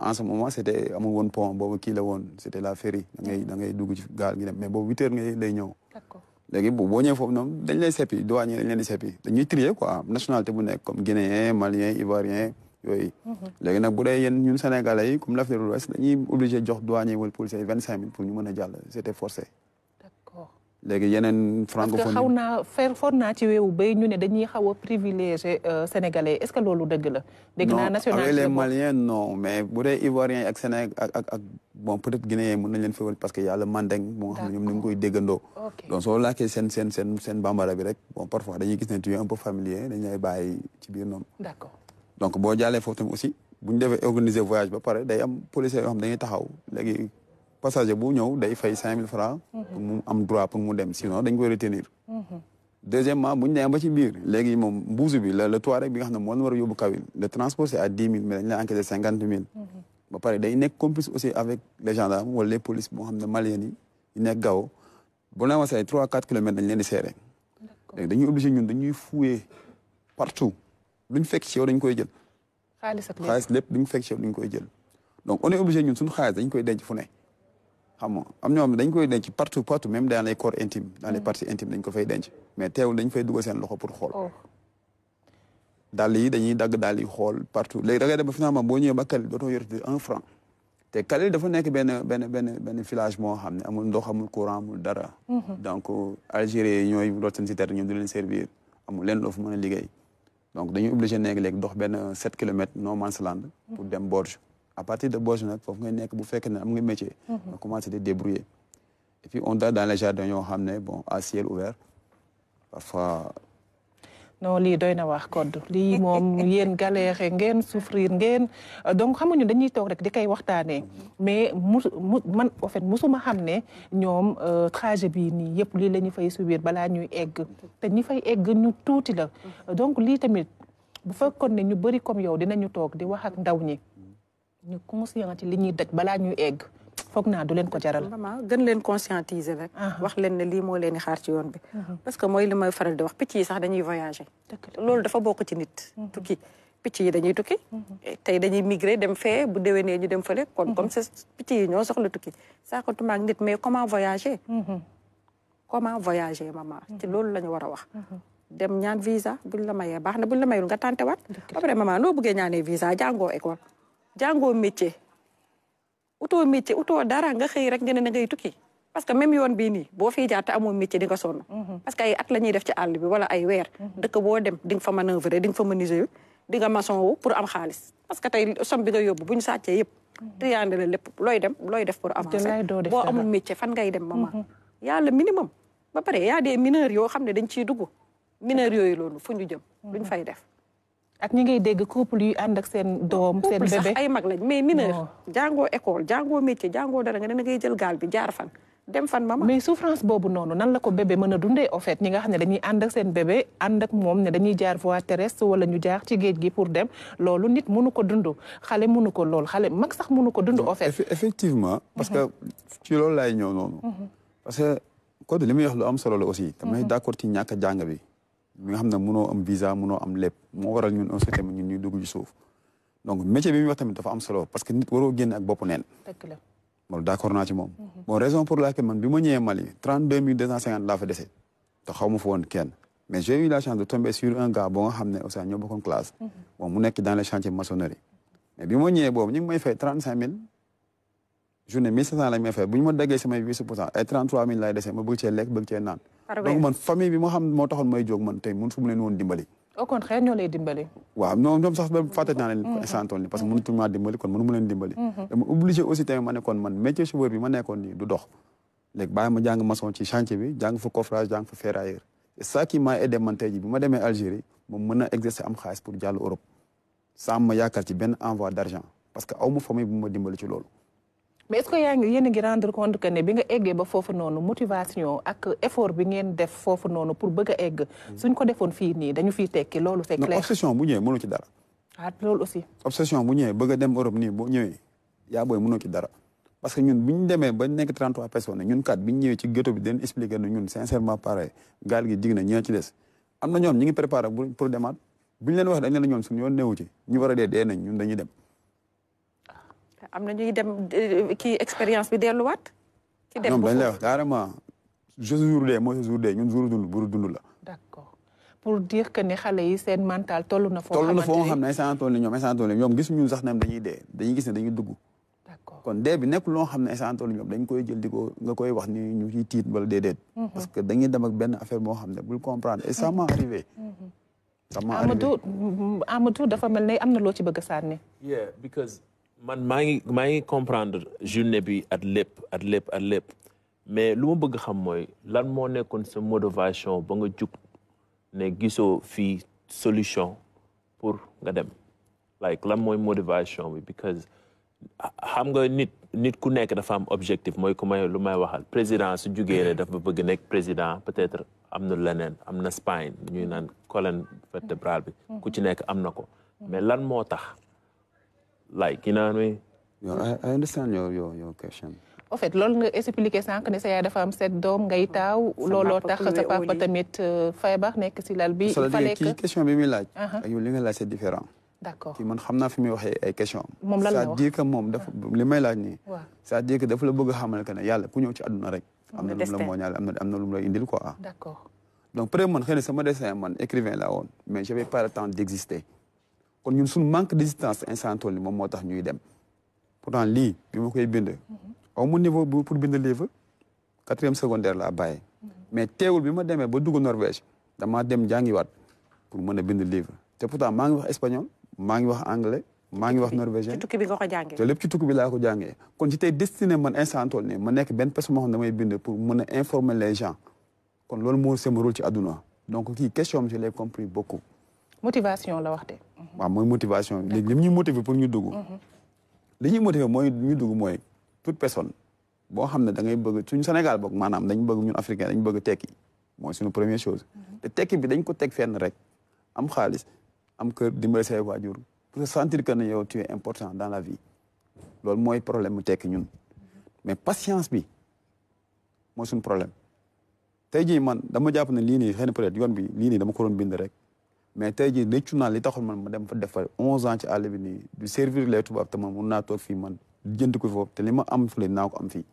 en ce moment c' était amul woon boobu kii woon c' la ferry da ngay dugg gaal mais boobu huit heures ngay léegi bu boo ñëwee foofu dañ lay seppi douanier dañ leen seppi dañuy trier quoi nationalité bu nekk comme malien ivoirien yooyu mhm. léegi nag bu dee yéen ñun sénégalais yi comme l'Afrique de l'Ouest dañuy obligé jox douanier wala policier yi vingt cinq pour ñu mën a jàll c' léegi yeneen francophonie parce que xaw na fer for naa ci weewu bay ñu ne dañuy xaw a privilégié euh, sénégalais est-ce que loolu dëgg la. dégg naa nationalité les maliens non mais bu dee ivoiriens ak séné ak ak ak bon peut-être guinéens mën nañ leen féewal parce que yàlla mandeng moo xam ne ñoom ñu ngi koy déggandoo. donc soo seen seen seen seen bambara bi rek bon parfois dañuy gis ne tu es un familier dañ lay bàyyi ci biir noonu. d'accord donc boo jàllee foofu tamit aussi bu ñu defee organiser voyage ba pare day am policiers yoo xam dañuy taxaw léegi. passager bu ñëw day fay cinq mille francs mu am droit pour mu dem sinon dañ koy retenir deuxièmement bu ñu demee ba ci biir léegi moom mbuusu bi la le toit bi nga xam ne moo la war i yóbbu kawil le transport nekk complice aussi avec les yi ñu nekk gaaw bu la wasee trois quatre kilomètres dañ leen seere dañuy obligé ñun dañuy fouiller partout luñ fekk ci yow dañ koy jël xaalis lépp luñ fekk ci yow dañ koy jël donc on est ñun suñu xaalis dañ koy denc fu ne xam nga am ñoom den koy denc partout partout même dans les corps intimes dans les mm. parties dañ ko fay denc mais teewul dañ fay dugal seen loxo pour xool oh. dàll yi dañuy dagg dàll yi xool partout léegi da ngay boo ñëwee ba Kaly dootoo yor dafa nekk benn benn benn benn village moo xam ne amul ndox amul courant amul dara mm-hmm. donc euh, Algérie ñooy root seen si terre ñoom du leen servir amul leen loo fa mën a liggéey donc dañuy obligé nekk léegi dox benn sept kilomètres no man's land mm-hmm. pour dem Bordeaux à partir de boobu nag foofu nge nekk bu fekkee ne am nga métier. Mhm. commencé de débrouiller et puis on dort dans les jardins yoo xam ne bon à ciel ouvert parfois. non lii doy na wax code lii moom yéen galère ngeen souffrir ngeen donc ñu dañuy toog rek di koy waxtaanee mhm. mais mus man en fait xam ne ñoom euh, trajet bii nii yëpp lii la ñu fay subir balaa ñuy egg te ñi fay egg ñu tuuti la mhm. donc lii tamit bu fekkoon ne ñu bëri comme yow dinañu toog di wax ak ndaw ñi. ñu conscient ci li ñuy daj balaa ñuy egg foog naa du leen ko jaral. vraiment gën leen conscientiser rek. Ah. wax leen ne lii leen di xaar ci yoon bi. Mhm. parce que mooy li may faral di wax picc yi sax dañuy voyager. loolu dafa bokk ci nit. Mhm. tukki picc yi dañuy tukki. Mhm. Eh, tey dañuy migrer dem fee bu déwénee ñu dem fële. kon comme c'est picc yi ñoo tukki saakatuma ak nit mais comment voyager. comment voyager maman ci loolu la a wax. dem ñaan visa buñ la mayee baax na buñ jàngoo métier utoo métier utoo dara nga xëy rek ñu ne na ngay tukki parce que même yoon bii nii boo fiy jaar te amoo métier di nga sonn. Mhm. parce que ay at la ñuy def ci àll bi wala ay weer. Mhm. dëkk boo dem di nga fa manœuvrer di nga fa menuisier di nga maçon wu pour am xaalis parce que tey som bi nga yóbbu bu ñu sàccee yëpp. Mhm. triande la lépp looy dem looy def pour avancer boo amul métier fan ngay dem ma maman. yàlla minimum ba pare y a des yoo xam ne dañ ciy dugg mineurs yooyu loolu fu ñu jëm. duñ fay def. ak ñi ngay dégg couple yu ànd ak seen doom seen bébé ay mag lañ mais mineur jàngoo école jàngoo métier jàngoo dara nga ne na ngay jël gaal bi jaar fan dem fan mama mais souffrance boobu noonu nan la ko bébé mën a dundee au fait ñi nga xam ne dañuy ànd ak seen bébé ànd ak moom ne dañuy jaar voie terrestre wala ñu jaax ci géej gi pour dem loolu nit mënu ko dund xale mënu ko lool xale mag sax mënu ko dund au fait effectivement parce que ci loolu laay ñëw noonu mhm. parce que code li muy wax lu am solo la aussi damay mhm. d'accord ci ñàkk jàng bi mi nga xam ne mënoo am visa mënoo am lépp moo waral ñun on souhaité ñun ñuy dugg ci donc métier bi muy wax tamit am solo parce que waroo génn ak bopp neen loolu d'accord naa ci moom mhm. bon raison pour laquelle man ma ñëwee Mali trente deux de tomber sur un gars boo xam ne aussi ñoo bokkoon classe mhm. bon mu nekk dans les chantiers maçonnerie mais ma ñëwee boobu ñu ngi may fay trente cinq mille journée 1500 lañ may fay bu ñu ma daggee samay 8 pour cent ay 33000 laay dese ma bëgg cee lekk bëgg cee naan. donc man famille bi moo xam moo taxoon may jóg man tey mun su ma leen woon dimbali. au contraire ñoo lay dimbali. waaw non ñoom sax ba fàtte naa leen. Mm-hmm. instant tool ni parce que mm-hmm. mënatu maa dimbali kon mënu ma leen dimbali. Mm-hmm. dama obligé aussi tamit ma ne kon man métier chauffeur bi ma nekkoon nii du dox. léegi bàyyi ma jàng maçon ci chantier bi jàng fa coffrage jàng fa ferrailleur. et ça qui m'a aidé man tey ji bi ma demee Algérie moom mën a exercer am xaalis pour jàll Europe sans ma yaakaar ci benn envoi d'argent parce que aw ma famille bu ma dimbali ci loolu mais est-ce que yaa ngi yéen a ngi rendre compte que ne bi nga eggee ba foofu noonu motivation ak effort bi ngeen def foofu noonu pour bëgg egg. Mm. suñ ko defoon fii nii dañu fiy tekki loolu. c'est clair obsession bu ñëwee mënu ci dara. ah loolu aussi. obsession bu ñëwee bëgg a dem Europe nii boo ñëwee yaa booy mënoo dara. parce que ñun bu ñu demee ba nekk 33 personnes ñun kat bi ñëwee ci ghetto bi den expliqué na ñun sincèrement pareil gaal gi jig na ñoo ci des am na ñoom ñu ngi préparé pour demaat bu ñu leen wax dañ leen ñoom suñu yoon newu ci nañ ñun dañuy dem am na ñuy dem euh, kii expérience bi delluwaat. ki dem ba foofu carrément je jour de mooy jour de ñun jour yi seen mental toll na. foo xamante ne toll na foo xam na ñoom instant ñoom gis ñun sax ne dañuy dee dañuy gis ne dañuy dugg. kon dee bi nekkul loo xam ne instant toll ñoom dañ koy jël di ko nga koy wax ni ñu ciy tiit wala déedéet. Mhm. parce que dañuy dem benn affaire boo xam ne bul comprendre et ça m'est arrivé. Mhm. ça dafa mel ne am na loo ci bëgg a sànni. man maa ngi maa ngi comprendre journée bi at lépp at lépp at lépp mais lu ma bëgg xam mooy lan moo nekkoon sa motivation ba nga jug ne gisoo fii solution pour nga dem like lan mooy motivation bi because ah, xam nga nit nit ku nekk dafa am objectif mooy ku may lu may waxal président su jugee ne dafa bëgg nekk président peut-être am na leneen am na spine ñuy naan colonne vertébrale bi mm-hmm. ku ci nekk am na ko mais lan moo tax like ki know what I mean. Yo, I, question. en fait loolu nga expliqué sànq ne sa yaay dafa set doom ngay taaw. looloo tax sa papa tamit euh, feebar nekk si lal bi. il question bi muy laaj. Uh-huh. a yow li nga laaj c'est différent. d'accord man xam naa fi muy waxee question moom lan cest dire que moom dafa may laaj nii. waaw cest la bëgg a xamal que ne yàlla ku ñëw ci àdduna rek. am na lu mu la mooñaale am na am na lu mu la indil quoi. d'accord donc peut man xëy sama destin man écrivain laa woon mais j'avais pas le temps d'exister. kon ñun suñu manque d'existence instant toll ni moom moo tax ñuy dem pourtant lii bi ma koy bind aw mu niveau pour bind livre quatrième secondaire laa bàyyi mais teewul bi ma demee ba dugg Norvège damaa dem jàngiwaat pour mën a bind livre te pourtant maa ngi wax espagnol maa ngi wax anglais maa ngi wax norvégien tukki bi nga ko ci tukki bi laa ko jàngee kon ci destiné man instant ma nekk benn personne moo xam ne damay bind pour mën a informer les gens kon loolu moo sama rul ci àdduna donc kii question je l'ai compris beaucoup motivation la waxte de. waaw mooy motivation léegi li ñuy motiver pour ñu dugg. Mhm. li ñuy motiver mooy ñu dugg mooy toute personne boo xam ne da ngay bëgg suñu Sénégal boog maanaam dañ bëgg ñun africain dañ bëgg tekki mooy suñ première chose. Mhm. te tekki bi dañ ko teg fenn rek am xaalis am kër dimbali say waajur pour sentir que ne yow important dans la vie loolu mooy problème mu tekki ñun mhm. mais patience bi mooy suñu problème. tey jii man dama jàpp na lii nii xëy na yoon bi lii nii dama ko doon bind rek. mais tey jii réccu naa li taxul man ma dem fa def fa onze ans ci àll bi servir les tubaab te mun naa toog fii man jënd ko foofu te li ma am fële naa ko am fii.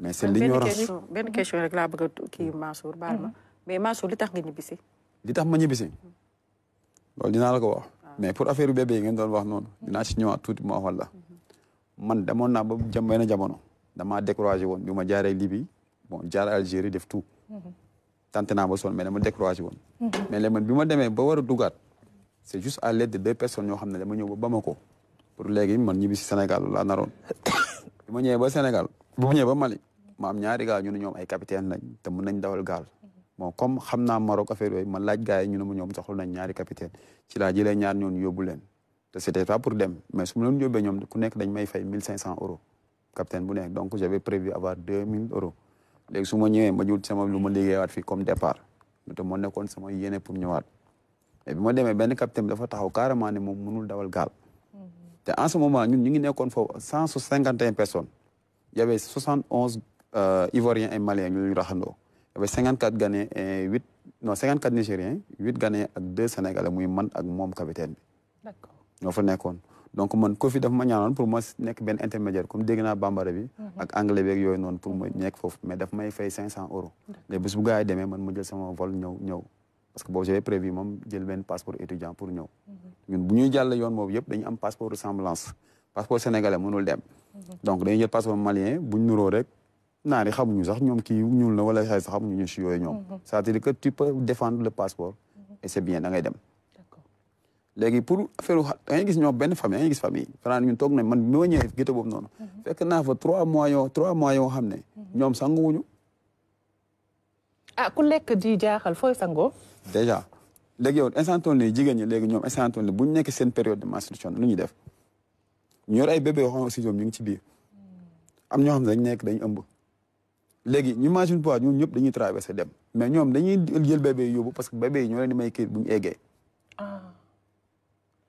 mais c'est l'ignorance benn question ma mm-hmm. mais Mansour ñibbisi. li ma ñibbisi mm-hmm. loolu naa la ko wax. Ah. mais pour affaire bébé yi ngeen doon wax noonu naa si ñëwaat tuuti ma waxal la mm-hmm. man demoon naa ba jëm benn jamono damaa découragé woon bi ma jaaree Libye bon jaar Algérie def tout. tenté naa ba sonn mais dama découragé woon. Mhm. ma demee ba war a dugaat c' est juste à l' de deux personnes xam ne dama ñëw ba Bamako pour léegi man ñibbi Sénégal laa naroon Mali ma ñaari gaal ñu ñoom ay capitaine lañ te nañ dawal gaal. bon comme xam naa Maroc affaire yooyu man laaj gars yi ñu ñoom soxla nañ ñaari capitaine ci laa jëlee ñaar ñoon yóbbu leen te pas pour dem mais su ma leen ñoom ku nekk dañ may fay mille cinq cent euros capitaine bu léegi su ma ñëwee ma jut sama lu ma liggéeyaat fii comme départ te moo nekkoon sama yéene pour ñëwaat mais bi ma demee benn capitaine dafa taxaw carrément ne moom mënul dawal gaal te en ce moment ñun ñu ngi nekkoon foofu cent cinquante et un personnes y avait soixante onze euh, ivoiriens et maliens ñu ñu raxandoo y avait cinquante quatre ghanéens et huit non cinquante quatre nigériens huit ghanéens ak deux sénégalais muy man ak mom capitaine bi ñoo fa nekkoon donc man Covid dafa ma ñaanoon pour ma nekk benn intermédiaire comme dégg naa bambara bi. Mhm. ak anglais beeg yooyu noonu pour ma nekk foofu mais daf may fay 500 euros. léegi bés bu gars que boobu j'avais prévu moom jël benn passeport étudiant pour mhm. jàll yoon boobu yëpp dañu am passeport ressemblance passeport sénégalais mënul dem. Mhm. donc dañuy jël passeport malien bu ñu nuroo rek. naari xamuñu sax ñoom kii ñuul na wala xay sax xamuñu ñu si yooyu ñoom. c'est-à-dire que tu peux défendre le passeport. et c'est bien da dem. léegi pour affaire da ngay gis ñoom benn famille da ngay gis famille fanaan ñun toog nañ man bi ma ñëwee gerte noonu mhm. fekk naa fo trois mois yoo trois mois yoo xam ne mhm. ñoom sanguwuñu ah ku lekk di jaaxal fooy sangoo dèjà léegi yow instant toll jigéen ñi léegi ñoom instant toll bu ñu nekk seen période de lu ñuy def ñu yor ay bébé yoo ñoom ñu ngi ci biir hmm. am ñoo xam ne dañ nekk dañ ëmb léegi ñu machine poids ñoom ñëpp dañuy traversé dem mais ñoom dañuy jël bébé yi parce que bébé ñoo leen di may kii bu ñu eggee ah.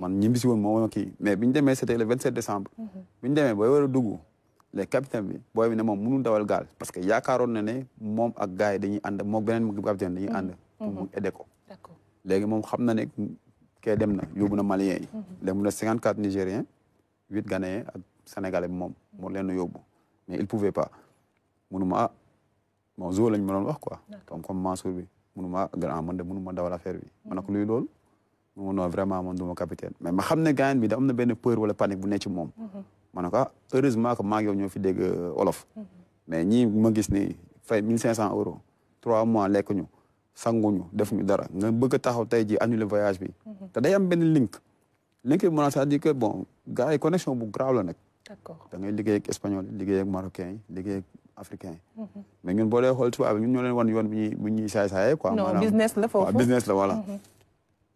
man ñibbi si woon moo ma kii mais bi ñu demee c'était le 27 décembre. Mhm. bi ñu demee booy war a dugg les capitaine bi booy bi ne moom mënul dawal gaal parce que yaakaaroon na ne moom ak gars yi dañuy ànd moom beneen capitaine dañuy ànd. Mhm. pour mu mhm. aider ko. d'accord léegi moom xam na ne kee dem na yóbbu na Maliens yi. dem na 54 Nigériens ak Sénégalais moom moo leen yóbbu mais il pouvait pas munuma ah bon zoo ma doon wax quoi. donc comme Mansour bi munuma ah, grand man de munuma dawal affaire bi. ma mu non vraiment man du ma capitaine mais ma xam ne gaañ bi da am na benn peur wala panique bu nekk ci moom. Mhm. ma ne ko ah heureusement que maa ngi yow ñoo fi dégg euh, olof. Mhm. mais ñii ma gis ni fay 1500 euros 3 mois lekk ñu sanguñu def ñu dara nga bëgg a taxaw tey ji annuler voyage bi. Mhm. te day am benn link. link bi maanaam c'est-à-dire que bon gars yi connexion bu grave la nag. d'accord da ngay liggéey ak espagnol liggéey ak marocain yi liggéey ak africain yi. mais ñun boo dee xool tubaab ñun ñoo leen wan yoon bi ñuy bi ñuy saay saayee quoi. non business la foofu business la voilà.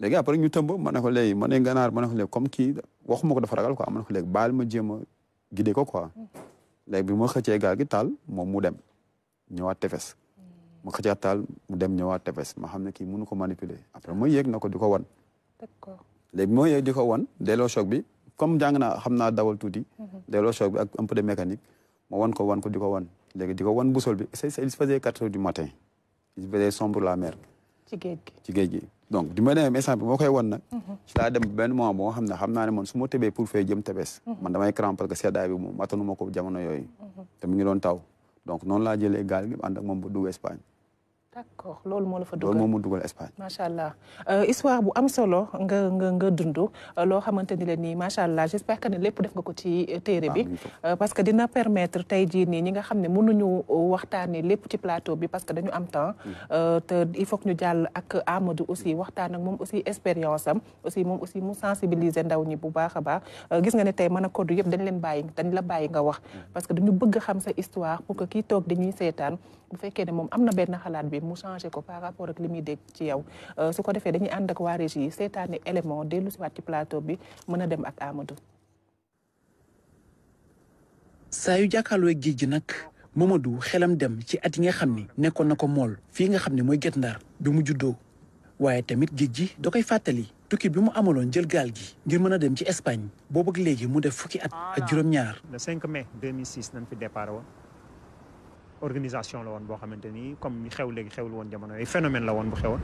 léegi après ñu tëmb ma ne ko le ma ne ganaar ma ne ko léegi comme kii waxuma ko dafa ragal quoi ma ne baal ma jéem gidee ko quoi léegi bi ma xëccee gaal gi taal moom mu dem ñëwaat tefes ma xëccee taal mu dem ñëwaat tefes ma xam ne kii mënu ko manipuler après ma yéeg na ko di ko wan d'accord léegi ma yéeg ko wan delloo choc bi comme jàng naa xam naa dawal tuuti mhm. delloo choc bi ak un de mécanique ma wan ko wan ko di ko wan léegi di ko wan busol bi c'est il se faisait quatre heures du matin il se faisait la mer ci géej gi donc du ma demee instant bi moo koy wan nag mhm. ci laa dem benn moment boo xam ne xam naa ne man pour fee jëm tebes mhm. man damay cramp parce que seddaay bi moom attanu ma ko yooyu mhm. te mu ngi taw donc noonu laa jëlee gaal gi moom ba dugg Espagne d'accord loolu moom la fa dugal mu dugal Espagne. macha allah euh, histoire bu am solo nga nga nga dund euh, loo xamante ni la nii macha allah j'espère que ne lépp def nga ko ci euh, téere bi. parce que dina permettre tey jii nii ñi nga xam ne mënuñu waxtaanee lépp ci plateau bi parce que dañu am temps. Mm. te il faut ñu jàll ak Amadou aussi waxtaan ak moom aussi expérience am aussi moom mu sensibiliser ndaw ñi bu baax a baax gis nga ne tey mën a kodd yëpp dañ leen bàyyi dañ la bàyyi nga wax. Mm. parce que dañu bëgg xam sa histoire pour que kii toog dañuy seetaan. bu fekkee ne moom am na benn xalaat bi mu changé ko par rapport ak li muy dégg ci yow euh, su ko defee dañuy ànd ak waa régie yi seetaani élément dellu siwaat ci plateau bi mën a dem ak Amadou. saa yu jàkkaarloo géej nag Mamadou xelam dem ci at yi nga xam ni nekkoon na ko mool fii nga xam ne mooy Guet Ndar bi mu juddoo waaye tamit géej gi da koy fàttali tukki bi mu amaloon jël gaal gi ngir mën a dem ci Espagne boobu ak léegi mu def fukki at ak juróom-ñaar. le 5 mai 2006 nañ fi départ woon organisation la woon boo xamante ni comme xew léegi xewul woon jamono yooyu phénomène la woon bu xewoon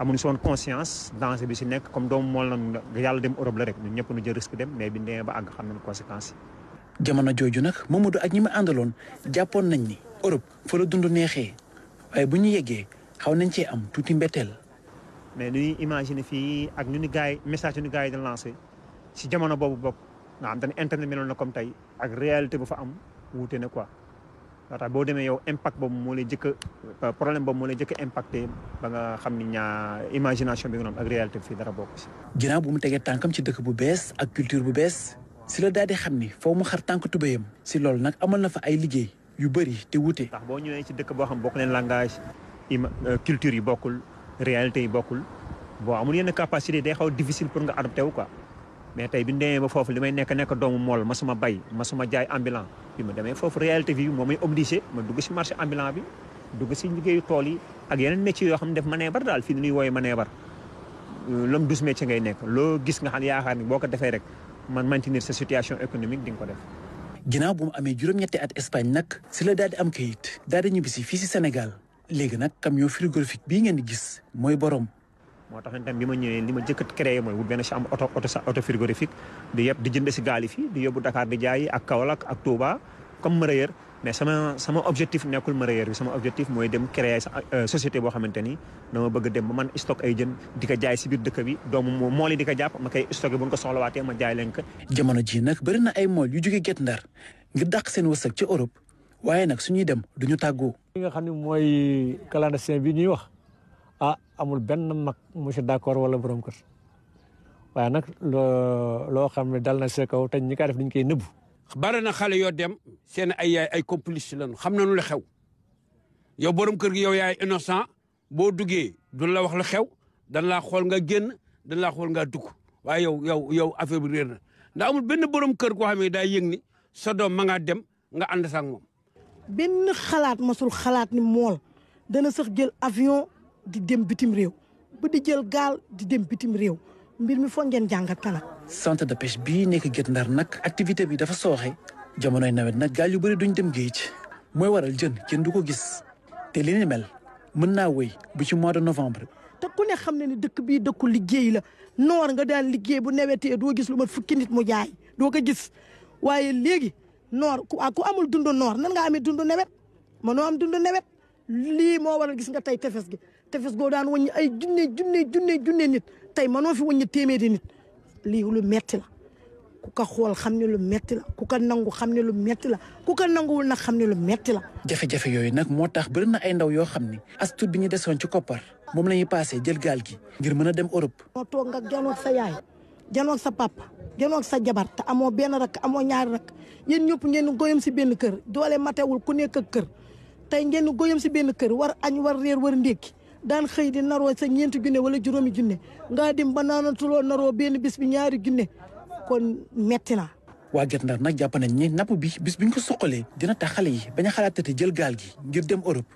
amuñu si woon conscience danger bi si nekk comme doom mool na yàlla dem Europe la rek ñun ñëpp nu jël risque dem mais biñ demee ba àgg xam nañ conséquences jamono jooju nag Mamadou ak ñi ma àndaloon jàppoon nañ ni Europe fa la dund neexee waaye bu ñu yeggee xaw nañ cee am tuuti mbetteel. mais nu ñuy imaginer fii ak ñu ni yi message yu ni gars lancé si jamono boobu bopp nga xam te ne internet meloon na comme tey ak réalité bu fa am wuute na quoi. tax boo demee yow impact boobu moo lay jëkk euh, problème boobu moo lay jëkk impacté ba nga xam ni ñaa imagination bi nga noonu ak réalité bi fii dara bokk si. ginnaaw bu mu tegee tànkam ci dëkk bu bees ak culture bu bees si la daal di xam ni foo mu xar tànk tubéyam si loolu nag amal na fa ay liggéey yu bëri te wute. ndax boo ñëwee ci dëkk boo xam bokk leen langage ima euh, culture yi bokkul réalité yi bokkul bon amul yenn capacité day xaw difficile pour nga adopté wu quoi mais tey bi foofu li may nekk nekk doomu mool masuma bay ma suma jaay ambulant. bi ma demee foofu réalité bi moo may obligé ma dugg si marché ambulant bi dugg si liggéeyu tool yi ak yeneen métiers yoo xam ne def maneebar daal fii ni ñuy ma maneebar euh, lom douze métiers ngay nekk loo gis nga xam yaakaar ni boo ko defee rek man maintenir sa situation économique di nga ko def ginnaaw bu mu amee juróom-ñetti at Espagne nag si la daal di am kayit daal di ñibbisi fii si Sénégal léegi nag camion frigorifique bii ngeen di gis mooy borom moo tax itam bi ma ñëwee li ma jëkkat créé mooy wut benn chambre auto auto auto frigorifique di yëpp di jënd si gaali fi di yóbbu Dakar di jaay ak Kaolack ak Touba comme mareyeur mais sama sama objectif nekkul mareyeur bi sama objectif mooy dem créer euh, société boo xamante ni dama bëgg dem ba man stock ay jën di ko jaay si biir dëkk bi doomu mool yi di ko jàpp ma koy stocké bu ñu ko soxlawaatee ma jaay lenk ko. jamono ji nag bëri na ay mool yu jóge Guet Ndar ngir dàq seen wërsëg ca Europe waaye nag suñuy dem duñu tàggoo. li nga xam ne mooy clandestin bi ñuy wax. ah amul benn mag mu si d'accord wala borom kër waaye nag loo xam ne dal na si kaw te ñi kaa def dañ koy nëbbu. bare na xale yoo dem seen ay yaay ay complice lañu xam nañu la xew yow borom kër gi yow yaay innocent boo duggee du la wax la xew dan laa xool nga génn dan laa xool nga dugg waaye yow yow yow affaire bi réer na ndax amul benn borom kër koo xam ne day yëg ni sa doom ma ngaa dem nga ànd sax moom. benn xalaat masul xalaat ni mool dana sax jël avion. di dem bitim réew ba di jël gaal di dem bitim réew mbir mi foog ngeen jàngat kala. centre de pêche bii nekk Guet Ndar nag activité bi dafa sooxe jamonoy nawet nag gaal yu bëri duñ dem géej mooy waral jën kenn du ko gis te li ni mel mën naa wéy bu ci mois de novembre. te ku ne xam na ne dëkk bii dëkku liggéey la noor nga daan liggéey bu nawetee doo gis lu ma fukki nit mu jaay doo ko gis waaye léegi noor ku ah, ku amul dundu noor nan nga amee dundu nawet mënoo am dundu nawet lii moo waral gis nga tey tefes gi. tefes goo daan wàññi ay junne junne junne junne nit tey mënoo fi wàññi téeméeri nit lii lu metti la ku ko xool xam ne lu metti la ku ko nangu xam ne lu metti la ku ko nanguwul nag xam ne lu metti la. jafe-jafe yooyu nag moo tax bëri na ay ndaw yoo xam ni as tu bi ñu desoon ci koppar moom lañuy ñuy jël gaal gi ngir mën a dem Europe. moo toog nga janoog sa yaay janoog sa papa janoog sa jabar te amoo benn rakk amoo ñaari rakk yéen ñëpp ngeen goyam si benn kër doole matewul ku nekk ak kër tey ngeen goyam si benn kër war añ war réer war ndékki daan xëy di naroo sa ñeenti gune wala juróomi junne ngaa dim ba naanatuloo naroo benn bis bi ñaari junne kon metti na. waa Guet Ndar nag jàpp nañ ne napp bi bis bi ñu ko soqalee dina tax xale yi bañ a xalaatati jël gaal gi ngir dem Europe.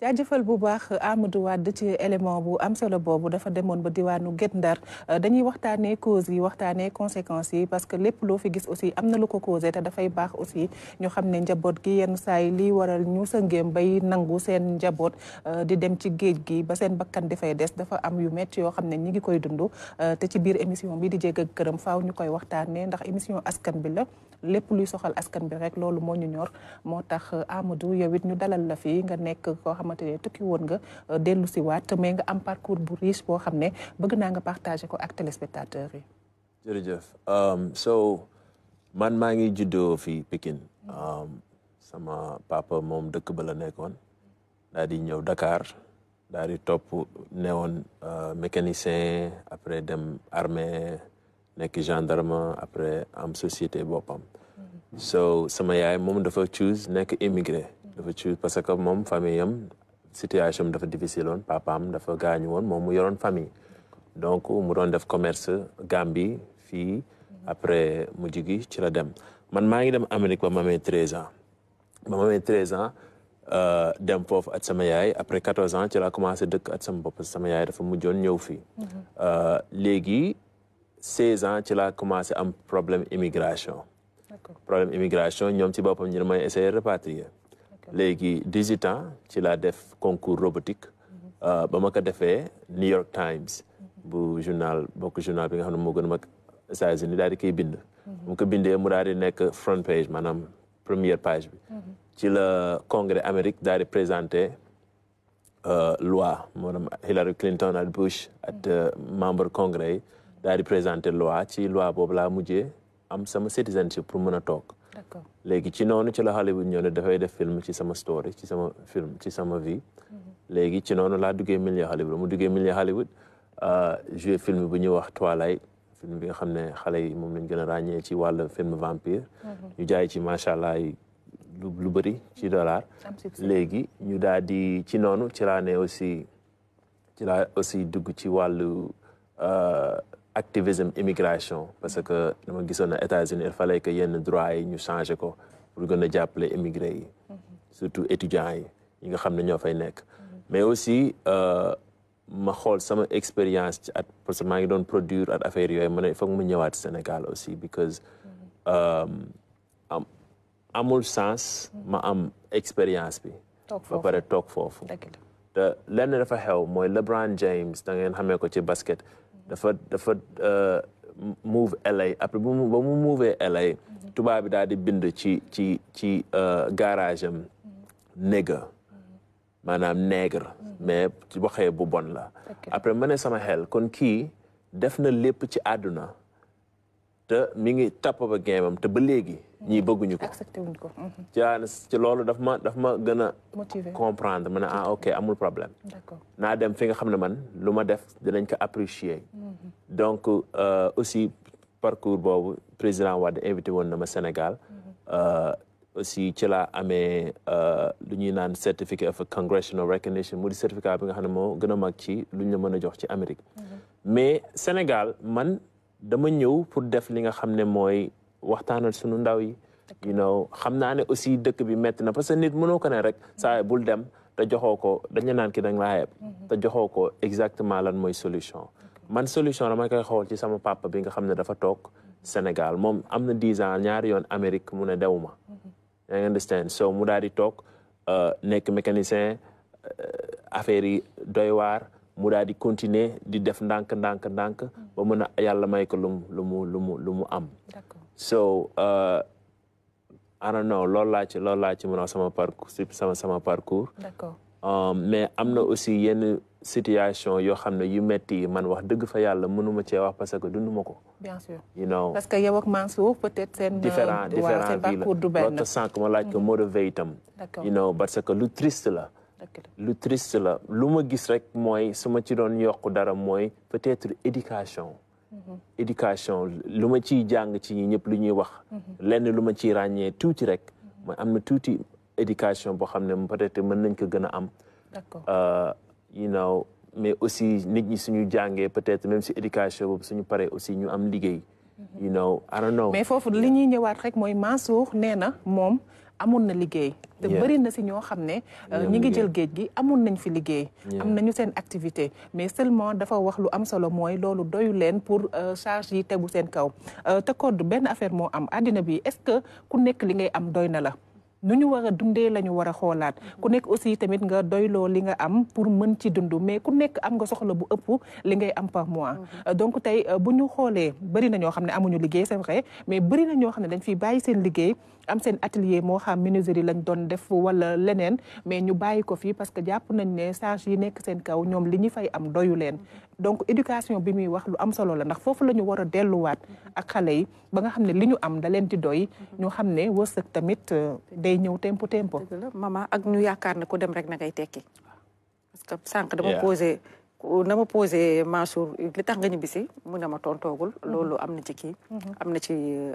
jaajëfal bu baax Amadou Wade ci élément bu am solo boobu dafa demoon ba diwaanu Guet Ndar euh, dañuy waxtaanee causes yi waxtaanee conséquence yi parce que lépp loo fi gis aussi am na lu ko causé te dafay baax aussi ñu xam ne njaboot gi yenn saa yi liy waral ñu sëngeem bay nangu seen njaboot euh, di dem ci géej gi ba seen bakkan dafay des dafa am yu métti yoo xam ne ñi ngi koy dundu euh, te ci biir émission bi di jégg ak këram faaw ñu koy waxtaanee ndax émission askan bi la lépp luy soxal askan bi rek loolu moo ñu ñor moo tax euh, Amadou yow it ñu dalal la fii nga nekk koo xamante ne tukki woon nga euh, dellu si waat mais nga am parcours bu riche boo xam ne bëgg naa nga partagé ko ak téléspectateurs yi. jërëjëf um, so man maa ngi juddoo fii Pikine um, sama papa moom dëkk ba la nekkoon daal di ñëw Dakar daal di topp newoon euh, mécanicien après dem armée nekk gendarme après am société boppam. so sama yaay moom dafa choose nekk immigré. dafa choose parce que moom famille am situation am dafa difficile woon papaam dafa gaañu woon moom mu yoroon famille. donc mu doon def commerce Gambie fii après mujj gi ci la dem man maa ngi dem Amérique ba ma amee 13 ans ma amee 13 ans euh, dem foofu at sama yaay après 14 ans ci la commencé dëkk at sama bopp sama yaay dafa mujjoon ñëw fii euh, léegi. seize ans ci la commencé am problème immigration problème immigration ñoom ci boppam ñu ne may essayer rapatrier léegi dix-huit ans ci laa def concours robotique mhm. euh, ba ma ko defee New York Times mhm. bu journal bokk journal bi nga xam ne moo gën a mag États-Unis daal di koy bind mhm. mu ko bindee mu daal di nekk front page maanaam première page bi ci la congrès Amérique daal di présenté euh, loi maanaam Hillary Clinton ak Bush ak euh, membre congrès daal di présenter loi ci loi boobu laa mujjee am sama citizenship pour mën a toog. d'accord léegi ci noonu ci la Hollywood ñëw ne dafay def film ci sama story ci sama film ci sama vie. Mhm. léegi ci noonu laa duggee milieu Hollywood mu duggee milieu Hollywood euh, joué film bu ñu wax Twilight film bi nga xam ne xale yi moom lañ gën a ràññee ci wàllu film vampire. Mhm. ñu jaay ci macha allah lu lu bëri ci dollar. léegi ñu daal di ci noonu ci laa ne aussi ci laa aussi dugg ci wàllu. Euh, activisme immigration parce que dama gisoon na États-Unis il fallait que yenn droit yi ñu changé ko pour gën a jàppale immigré yi surtout étudiants yi ñi nga xam ne ñoo fay nekk mais aussi euh, ma xool sama expérience ci at parce que maa ngi doon produire affaire yooyu ma ne foog mu ñëwaat Sénégal aussi because euh, amul sens ma am expérience bi ba pare toog foofu te lenn dafa xew mooy LeBron James da ngeen xamee ko ci basket dafa dafa euh, move LA après bu mu ba mu move LA mhm. tubaab bi daal di bind ci ci ci euh, garage am mhm. nigger mhm. maanaam nègre mais waxee bu bon la après ma ne sama xel kon kii def na lépp ci àdduna te mi ngi tàpp ba géemam te ba léegi ñii bëgguñu ko accepté ko caan ci loolu daf ma daf ma gën a comprendre ma ne ah ok amul problème naa dem fi nga xam ne man lu ma def dinañ ko apprécier mhm. donc euh, aussi parcours boobu président Wade invité woon na ma Sénégal mhm. euh, aussi ci laa amee euh, lu ñuy naan certificate of congressional recognition mu di certificat bi nga xam ne moo gën a mag ci lu ñu la mën a jox ci Amérique mhm. mais Sénégal man dama ñëw pour def li nga xam ne mooy waxtaanal sunu ndaw yi you xam naa ne aussi dëkk bi metti na parce que nit mënoo ko ne rek saa bul dem te joxoo ko dañu naan ki da nga laa mhm. te joxoo ko exactement lan mooy solution man solution dama koy xool ci sama papa bi nga xam ne dafa toog Sénégal moom am na dix ans ñaari yoon Amérique mu ne dewuma ma ngi mhm. understand so mu daal di toog euh, nekk mécanicien euh, affaire yi doy waar mu daal di continuer di def ndànk ndànk ndànk ba mën a yàlla may ko lu mu lu mu lu mu lu mu am so uh, I don't know loolu laa ci loolu laa ci mën sama parcours sama sama parcours um, mais am na aussi yenn situation yoo xam ne yu metti yi man wax dëgg fa yàlla mënuma cee wax parce que dunduma ko bien sûr you know parce que yow euh, seen différent différent bi la loolu sànq ma laaj ko mhm. motivé itam you know parce que lu la lu triste la lu ma gis rek mooy su ma ci doon yokk dara mooy peut-être éducation mhm. éducation lu ma ciy jàng ci ñi ñëpp lu ñuy wax mhm. lenn lu ma ciy ràññee tuuti rek mhm. mooy am na tuuti éducation boo xam ne peut-être mën nañ ko gën a am euh, you know mais aussi nit ñi suñu jàngee peut-être même si éducation boobu suñu paree aussi ñu am liggéey you know I don't know mais foofu li ñuy ñëwaat rek mooy Mansour nee na moom amoon na liggéey te bëri na si ñoo xam ne euh, ñi ngi jël géej gi amoon nañ fi liggéey am nañu seen activité mais seulement dafa wax lu am solo mooy loolu doyu leen pour euh, charge yi tegu seen kaw euh, te code benn affaire moo am àddina bi est-ce que ku nekk li ngay am doy na la nu ñu war dundee la ñu war a xoolaat ku nekk aussi tamit nga doyloo li nga am pour mën ci dund mais ku nekk am nga soxla bu ëpp li ngay am par mois mhm. donc tey euh, bu ñu xoolee bëri na ñoo xam ne amuñu liggéey c'est vrai mais bëri na ñoo xam ne dañ fiy bàyyi seen liggéey am seen atelier moo xam menuiserie lañ doon def wala leneen mais ñu bàyyi ko fii parce que jàpp nañ ne charge yi nekk seen kaw ñoom li ñu fay am doyu leen mhm. donc éducation bi muy wax lu am solo la ndax foofu la ñu war a delluwaat mhm. ak xale yi ba nga xam ne li ñu am da leen di doy ñu xam ne wërsëg tamit euh, day ñëw tempo tempo. dëgg la maman ak ñu yaakaar ne ku dem rek na ngay tekki. parce que sànq dama posé. na ma posé Mansour li tax nga ñibbisi mu ne ma tontoogul. Mm-hmm. loolu am na ci kii. Mm-hmm. am na ci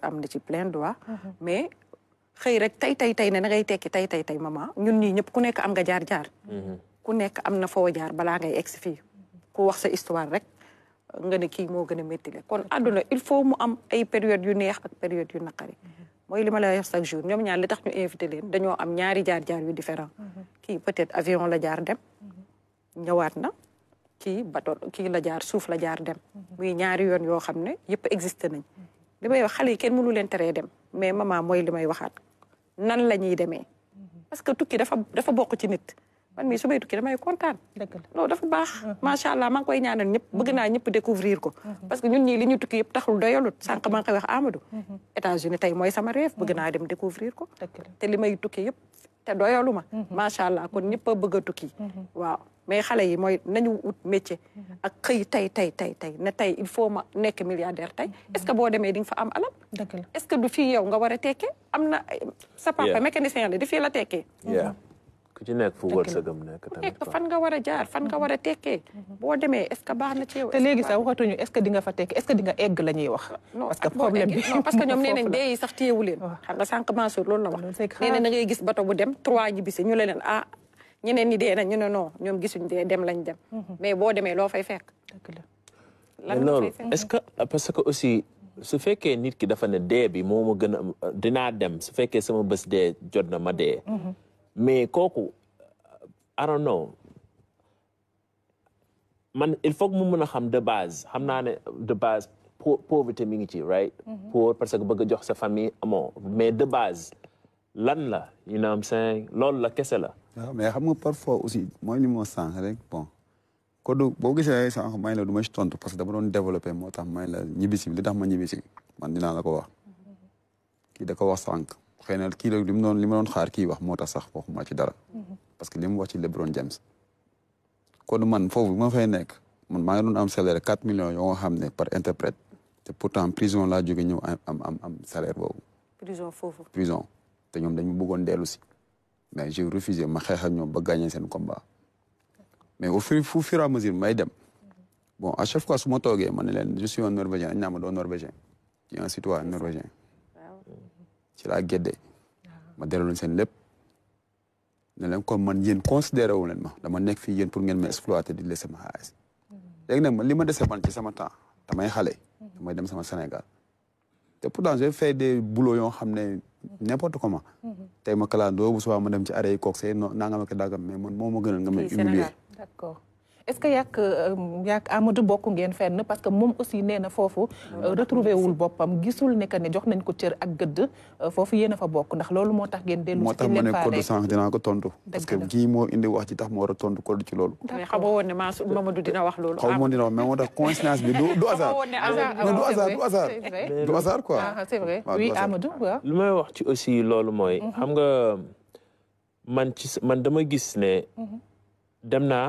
am na ci plein droit. Mm-hmm. mais xëy rek tey tey tey ne na ngay tekki tey tey tey maman ñun ñii ñëpp ku nekk am nga jaar jaar. ku nekk am na foo jaar balaa ngay egsi fii. ku wax sa histoire rek nga ne kii moo gën a métti le kon àdduna il faut mu am ay période yu neex ak période yu naqari mooy li ma la wax chaque jour ñoom ñaar li tax ñu invité leen dañoo am ñaari jaar-jaar yu différent kii peut-être avion la jaar dem ñëwaat na kii bato kii la jaar suuf la jaar dem muy ñaari yoon yoo xam ne yëpp existé nañ li may wax xale yi kenn mënu leen teree dem mais maman mooy li may waxaat nan la ñuy parce que tukki dafa dafa man mii su may tukki damay kontaan. dëgg la non baax. Mm-hmm. macha allah maa koy ñaanal ñëpp bëgg mm-hmm. naa ñëpp découvrir ko. Mm-hmm. parce que ñun ñii li ñu taxul doyalut sànq maa ngi koy wax Amadou. États-Unis tey mooy sama rêve bëgg naa dem découvrir ko. te li may tukki yëpp te doyalu ma. macha allah kon ñëpp a bëgg a tukki. waaw mais xale yi mooy nañu ut métier. ak xëy tey tey tey tey ne tey il faut ma nekk milliardaire tey est ce que boo demee di nga fa am alal. dëgg la est ce que du fii yow nga war a tekkee am na. sa papa mécanicien la di la tekkee. ku ci nga war a jaar fan nga a tekkee mm-hmm. Mm-hmm. boo demee est que baax na ci yow que di fa tekkee est que di egg la wax parce parce que ñoom nee nañ sax téyewu leen nga sànq Mansour loolu la wax nee na gis bato bu dem trois ñibbisi ñu la leen ah ñeneen ñi dee na ñu ne ñoom gisuñ dee dem lañ dem mm-hmm. mais boo demee loo fay fekk lan que ah, parce que aussi su fekkee nit ki dafa ne dee bi moo ma gën a dem su fekkee sama bés dee jot na ma dee mais kooku I don't know man il faut mu mën a xam de base xam naa ne de base pauvreté mi ngi ci right mhm. pour parce que bëgg jox sa famille amoo mais de base lan la you know what I'm saying loolu la kese la mais xam nga parfois aussi mooy li moo sànq rek bon kodu boo gisee sànq may la du ma ci tontu parce que dama doon développé moo tax may la ñibbisi li tax ma ñibbisi man dinaa la ko wax mhm. kii da ko wax sànq xëy na kii la li li ma doon xaar kii wax moo tax sax waxuma ci dara. parce que li mu wax James. kon man foofu bi ma fay nekk man maa ngi am salaire quatre millions yoo xam ne par interprète te pourtant prison laa jóge ñëw am salaire boobu. prison te ñoom dañu bëggoon dellu si mais j'ai refusé ma xeex ak ñoom ba gagné seen combat mais au fur au fur et à mesure may dem bon à chaque fois su ma toogee ma ne leen je suis un norvégien dañ naa doon norvégien je suis un citoyen norvégien. ci laa gedde ma delloo leen seen lépp ne leen comme man yéen considéré wu leen ma dama nekk fii yéen pour ngeen ma exploité di leen sama xaalis léegi nag man li ma dese man ci sama temps damay xale damay dem sama Sénégal te pourtant j'ai fait des yoo xam ne n'importe comment tey ma kalandoo bu subaa ma dem ci arrêt yi kook see noo naa nga ma ko daggam mais man moo ma gënal nga may humilier est-ce que yàq euh, yàq Amadou bokk ngeen fenn parce que moom aussi nee na foofu euh, retrouvé wul boppam gisul ne que ne jox nañ ko cër ak gëdd euh, foofu yéen a fa bokk ndax loolu moo tax ngeen dellu moo tax ma ne code sànq dinaa ko moo wax ci tax ma war a tontu code ci loolu mais xamoo woon ne Mansour Mamadou dina wax loolu xaw moon dina wax mais bi du du hasard du ah, Amadou waaw lu may wax ci aussi loolu mooy mhm. xam nga man ci man dama gis ne mhm. dem naa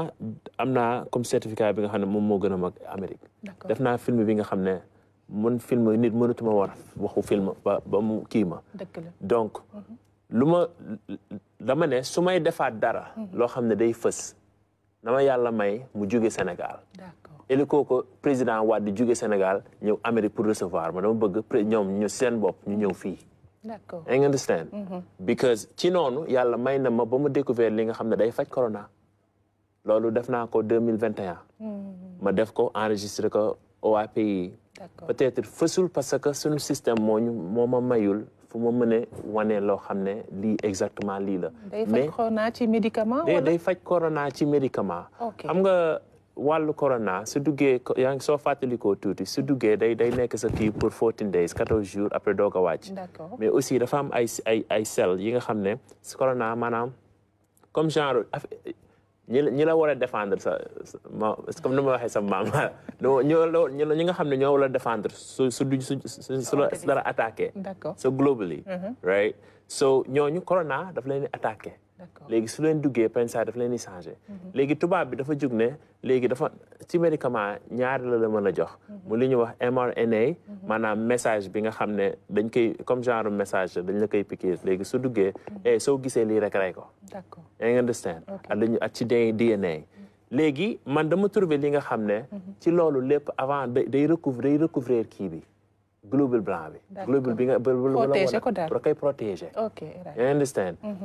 am naa comme certificat bi nga xam ne moom moo gën a mag Amérique. def naa film bi nga xam ne mun film nit mënatuma war waxu film ba ba mu kii ma. donc mhm. lu ma dama ne su may defaat dara. Mhm. loo xam ne day fës. na ma yàlla may mu jóge Sénégal. d'accord ko président di jóge Sénégal ñëw Amérique pour recevoir ma dama bëgg ñoom ñu seen bopp ñu ñëw fii. d'accord mhm. because ci noonu yàlla may na ma ba mu découvrir li nga xam ne day faj corona. loolu def naa ko deux mille vingt et hmm. ma def ko enregistré ko OAPI peut-être fësul parce que suñu système moo ñu moo ma mayul fu ma mënee wane loo xam ne lii exactement lii la. mais day faj corona ci médicament. wala day faj corona ci médicament. xam nga wàllu corona su duggee yaa ngi soo fàttalikoo tuuti su duggee day day nekk sa kii pour 14 days 14 jours après doog a wàcc. d'accord mais aussi dafa am ay ay ay sel yi nga xam ne si corona comme genre ñi ñi la war sa ma comme ni ma waxee sa maam ñoo ñi nga xam ne ñoo war a défendre su su su su la dara attaqué. d'accord so globally. Mm-hmm. right so ñooñu corona daf leen di attaqué. léegi su leen duggee penn saa daf leen di mhm. léegi tubaab bi dafa jug ne léegi dafa ci médicament ñaari la la mën a jox mhm. mu li ñuy wax mRNA mhm. maanaam message bi nga xam ne dañ koy comme genre message la dañ la koy piquer léegi su duggee eh, soo gisee lii rek rey ko yaa ngi understand ak lañu ak ci DNA léegi man dama trouvé li nga xam ne ci loolu lépp avant day recouvrir day recouvrir kii bi globule blanc bi. globule bi nga protéger ko daal koy mm-hmm.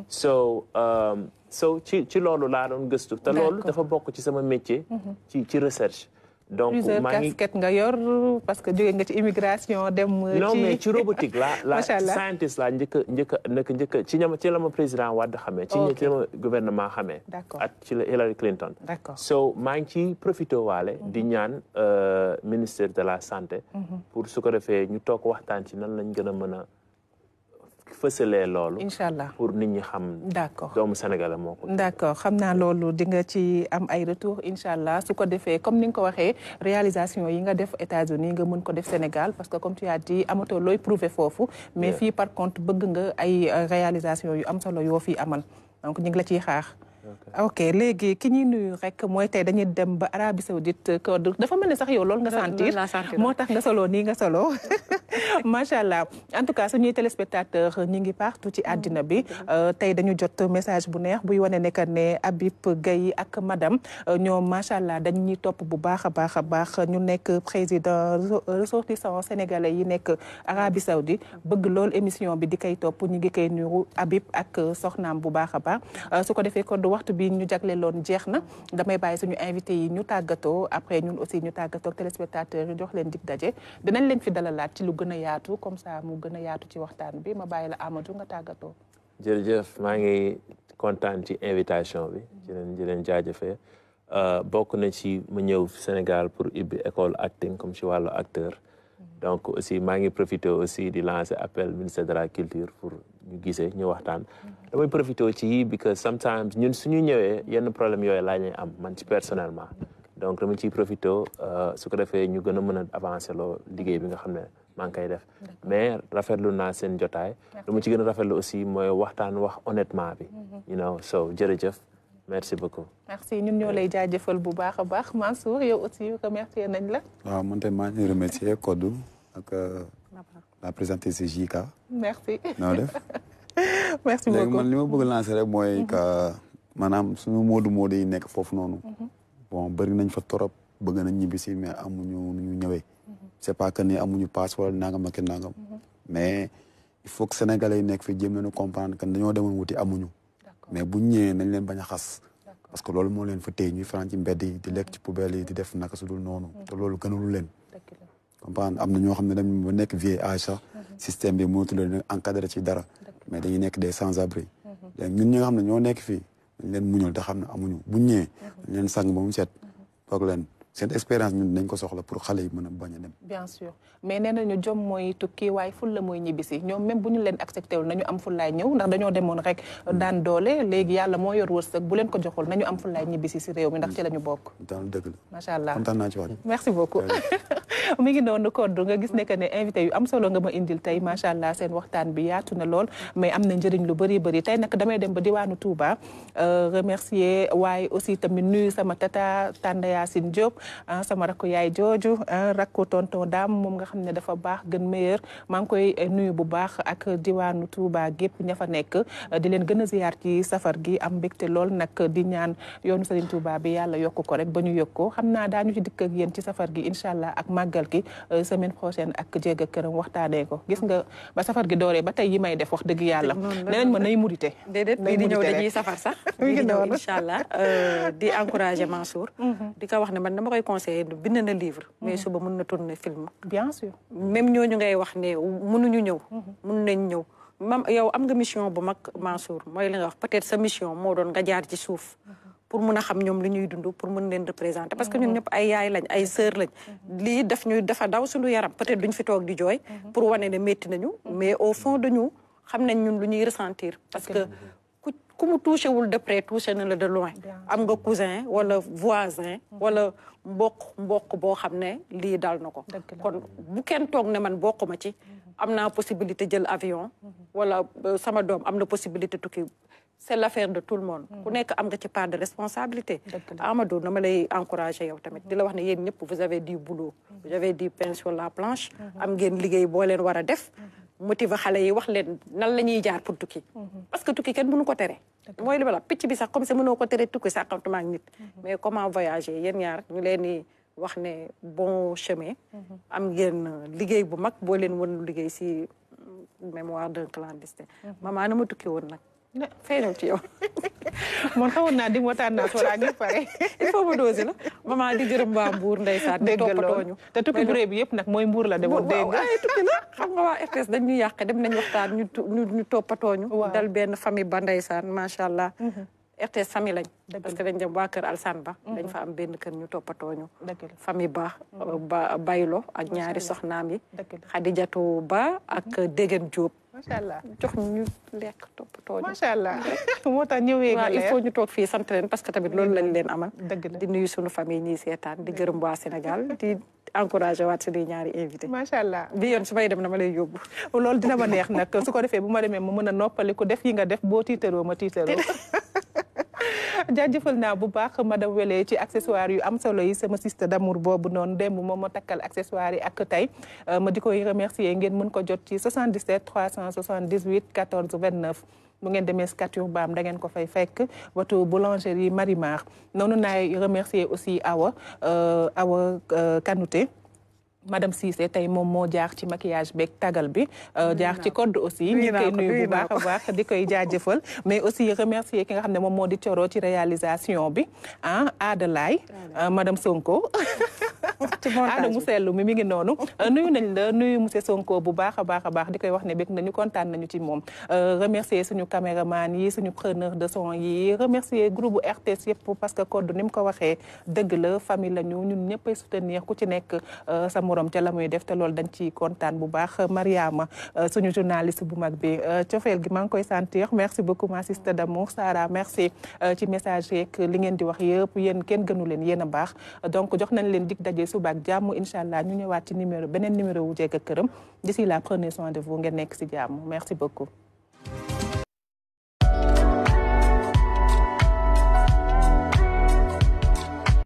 um, so ci ci loolu laa doon gëstu. te loolu dafa bokk ci sama métier. Mm-hmm. ci ci donc plusieurs casquettes nga yor parce que jóge nga ci immigration dem. ci robotique la la scientist la njëkk njëkk a njëkk ci ñama ma président Wade xamee. ci ci la ma gouvernement xamee. ak ci la Hillary Clinton. so maa ngi ciy profité waale. di mhm. ñaan euh, ministère de la santé. Mhm. pour su ko defee ñu toog waxtaan ci nan lañ gën a mën fësalee loolu. incha allah pour nit ñi xam. d' accord doomu moo ko. d' accord xam naa loolu di nga ci am ay retour incha allah su ko defee comme ni nga ko waxee réalisation yi nga def États-Unis nga mën ko def Sénégal parce que comme tu as dit amatoo looy prouver foofu. mais fii par contre bëgg nga ay euh, réalisation yu am solo yoo fi amal donc ñu ngi xaar. ok léegi ki ñuy nuyu rek mooy tey dañuy dem ba Arabie Saoudite euh, ko dafa mel ni sax yow loolu nga sentir moo tax nga solo nii nga solo macha allah en tout cas suñuy téléspectateurs ñi ngi partout ci àddina bi mm-hmm. euh, tey dañu jot message bu neex buy wane ne que ne Habib Gaye ak madame euh, ñoom macha allah dañuy topp bu baax a baax a baax ñu nekk président ressortissant sénégalais yi nekk Arabie Saoudite bëgg loolu émission bi di koy topp ñu ngi koy nuyu Habib ak soxnaam bu baax a baax su waxtu bi ñu jagleeloon jeex na damay bàyyi suñu invité yi ñu tàggatoo après ñun aussi ñu tàggatoo ak téléspectateurs yi jox leen dig daje dinañ leen fi dalalaat ci lu gën a yaatu comme ça mu gën a yaatu ci waxtaan bi ma bàyyi la Amadou nga tàggatoo. jërëjëf maa ngi kontaan ci invitation bi. di leen di leen euh, bokk na ci mu ñëw Sénégal pour ibbi école acting comme ci wàllu acteur. Mm-hmm. donc aussi maa ngi profité aussi di lancé appel ministère de la culture pour ñu gisee ñu waxtaan damay profité ci because sometimes ñun suñu ñëwee yenn problème yooyu laa ñuy am man ci personnellement donc dama ciy profité euh, su ko defee ñu gën a mën a avancer loo liggéey bi nga xam ne maa ngi koy def mais rafetlu naa seen jotaay lu mu ci gën a rafetlu aussi mooy waxtaan wax honnêtement bi mm-hmm. you know so jërëjëf merci beaucoup merci ñun ñoo lay jaajëfal bu baax a baax Mansour yow aussi remercier nañ la waaw man te maa ngi remercier Kodou ak euh, la présenter c'est JK. merci noo def. merci beaucoup léegi man li ma bëgg lancer rek mooy mhm. que maanaam suñu moodu moodu yi nekk foofu noonu. Mhm. bon bëri nañ fa trop bëgg nañ ñibbi si mais amuñu ñu ñëwee. Mhm. c'est pas que ni amuñu passe wala nangam ak nangam. mais il faut que sénégalais yi nekk fi jéem leen comprendre que dañoo demoon wuti amuñu. mais bu ñëwee nañ leen bañ a xas. parce que loolu moo leen fa téye ñuy fanaan ci yi di lekk ci poubelle yi di def naka su dul noonu. te loolu gënalu leen. comprendre am na ñoo xam ne dem nekk vieil âge sax mhm. bi mënatu leen encadré ci dara mais dañuy nekk des sans abri mhm. léegi ñun ñi xam ne ñoo nekk fii dañ leen muñul te xam ne amuñu buñ ñëwee mhm. dañ sang ba mu set toog seen expérience ñun a bañ a dem. bien sûr mais nee leen accepté wul nañu am fullaay ñëw ndax dañoo demoon rek daan doole léegi yàlla moo yor wërsëg bu si réew mi ndax ci la ñu bokk. daal dëgg allah ma indil tey macha allah seen waxtaan bi yaatu na lool mais am na njëriñ lu bëri bëri tey nag damay dem ba diwaanu Touba euh, remercier waaye aussi tamit nuyu sama tata Tanda Yacine Diop ah sama rakku yaay jooju ah, rakku tonton daam moom nga xam ne dafa baax gën meilleur maa ngi koy eh, nuyu bu baax ak diwaanu Touba gépp ña fa nekk eh, di leen gën a siyaar ci safar gi am mbégte lool nag di ñaan yoonu Serigne Touba bi yàlla yokk ko rek ba ñu yokk xam naa daañu ci dikk ak yéen ci safar gi incha allah ak màggal gi eh, semaine prochaine ak jéeg a këram waxtaanee ko gis nga ba safar gi dooree ba tey yi may def wax dëgg yàlla ne nañ ma nay murite déedéet bii di ñëw dañuy safar sax bii di ñëw incha allah di encouragé mhm. di ko koy conseillé bind na livre. mais mhm. suba mën na tourner film. bien ñooñu ngay wax ne mënuñu ñëw. Mhm. mën nañ ñëw. mam am nga mission bu mag Mansour mooy li nga wax peut-être sa mission moo doon nga jaar ci suuf. Mhm. pour mën a xam ñoom li ñuy dund pour mën leen représenter parce que ñun ñëpp ay yaay lañ ay sœur lañ. lii daf ñuy dafa daw suñu yaram peut-être duñ fi toog di jooy. pour wane ne métti nañu. mais au fond de xam nañ ñun lu ñuy ressentir. parce que ku mu wul de près touché na de loin am nga cousin wala voisin mhm. wala mboq mboq boo xam ne lii daal na ko kon bu kenn toog ne man bokk ma ci mhm. am naa possibilité jël avion mhm. wala euh, sama doom am na possibilité tukki c'est l'affaire de tout le monde ku nekk am nga ci part de responsabilité Amadou na ma lay encouragé yow tamit di la wax ne yéen ñëpp vous avez di boulot vous avez du pain sur la planche am ngeen liggéey boo leen war a def motiver xale yi wax leen nan la ñuy jaar pour tukki. Mhm. parce que tukki kenn mënu ko tere. mooy li ma la picc bi sax comme ça ko tere tukki sàqantuma ak nit. Mhm. mais comment voyager yéen ñaar ñu wax ne bon chemin. Mhm. am ngeen liggéey bu mag boo leen won liggéey si mémoire d'un clandestin. maman na ma tukki woon nag. ne fay na ci yow man xawoon naa dig waxtaan naa soo ñu pare il faut ma doosi la maman di gërëm waa Mbour ndeysaan. dégg loolu te tukki bu rëy bi yëpp nag mooy Mbour la demoon. dégg nga xam nga wa RTS dañ ñu yàq dem nañ waxtaan ñu ñu toppatoo ñu. dal benn famille ba ndeysaan macha allah. RTS mhm. famille lañ. parce que dañ dem waa kër Alsaan Ba. Mhm. dañ fa am benn kër ñu toppatoo ñu. famille Ba. Mhm. ba Baylo ak ñaari soxnaam yi. dëgg la Xadijatu Ba ak Dégem Diop. macha allah jox ñu lekk toppatoo ñu. macha allah moo tax ñëwee nga il faut ñu toog fii sant leen parce que tamit loolu lañ leen amal. dëgg la di nuyu suñu famille ñii seetaan di gërëm waa Sénégal di. encouragé waat suñuy ñaari invité macha allah bi yoon su may dem ma lay yóbbu loolu dina ma neex nag su ko defee bu ma demee mu mën a noppaliku def yi nga def boo tiitaroo ma tiitaroo jaajëfal naa bu baax madame Wele ci accessoire yu am solo yi sama siste d'amour boobu noonu démb moom moo takkal accessoire yi ak tey euh, ma di koy remercier ngeen mën ko jot ci cent 77 378 14 29 bu ngeen demee Scature Bam da ngeen ko fay fekk watu boulangerie Marimar noonu naay remercier aussi Awa euh, Awa euh, Kanouté madame Cissé tey moom moo jaax ci maquillage beeg tagal bi euh, jaax ci code aussi ñu koy nuy bu baax a baax di koy jaajëfal mais aussi remercier ki nga xam ne moom moo di coro ci réalisation bi ah aadalaay euh, madame Sonko aada mu seetlu mi mi ngi noonu euh, nuyu nañ la nuyu monsieur Sonko bu baax a baax a baax di koy wax ne bég nañu kontaan nañu ci moom remercier suñu caméraman yi suñu preneur de son yi remercier groupe RTS yëpp parce que code ni mu ko waxee dëgg la famille la ñu ñun ñëppay soutenir ku ci nekk morom ca la muy def te loolu dañ ci kontaan bu baax Mariama euh, suñu journaliste bu mag bi euh, cofeel gi maa ngi koy sentir merci beaucoup ma sister d'amour Sarah merci euh, ci message yeeg li ngeen di wax yëpp yéen kenn gënu leen yéen a baax donc jox nañ leen dig daje suba ak jàmm incha allah ñu ñëwaat ci numéro beneen numéro wu jeeg ak këram d'ici là prenez soin de vous ngeen nekk si jàmm merci beaucoup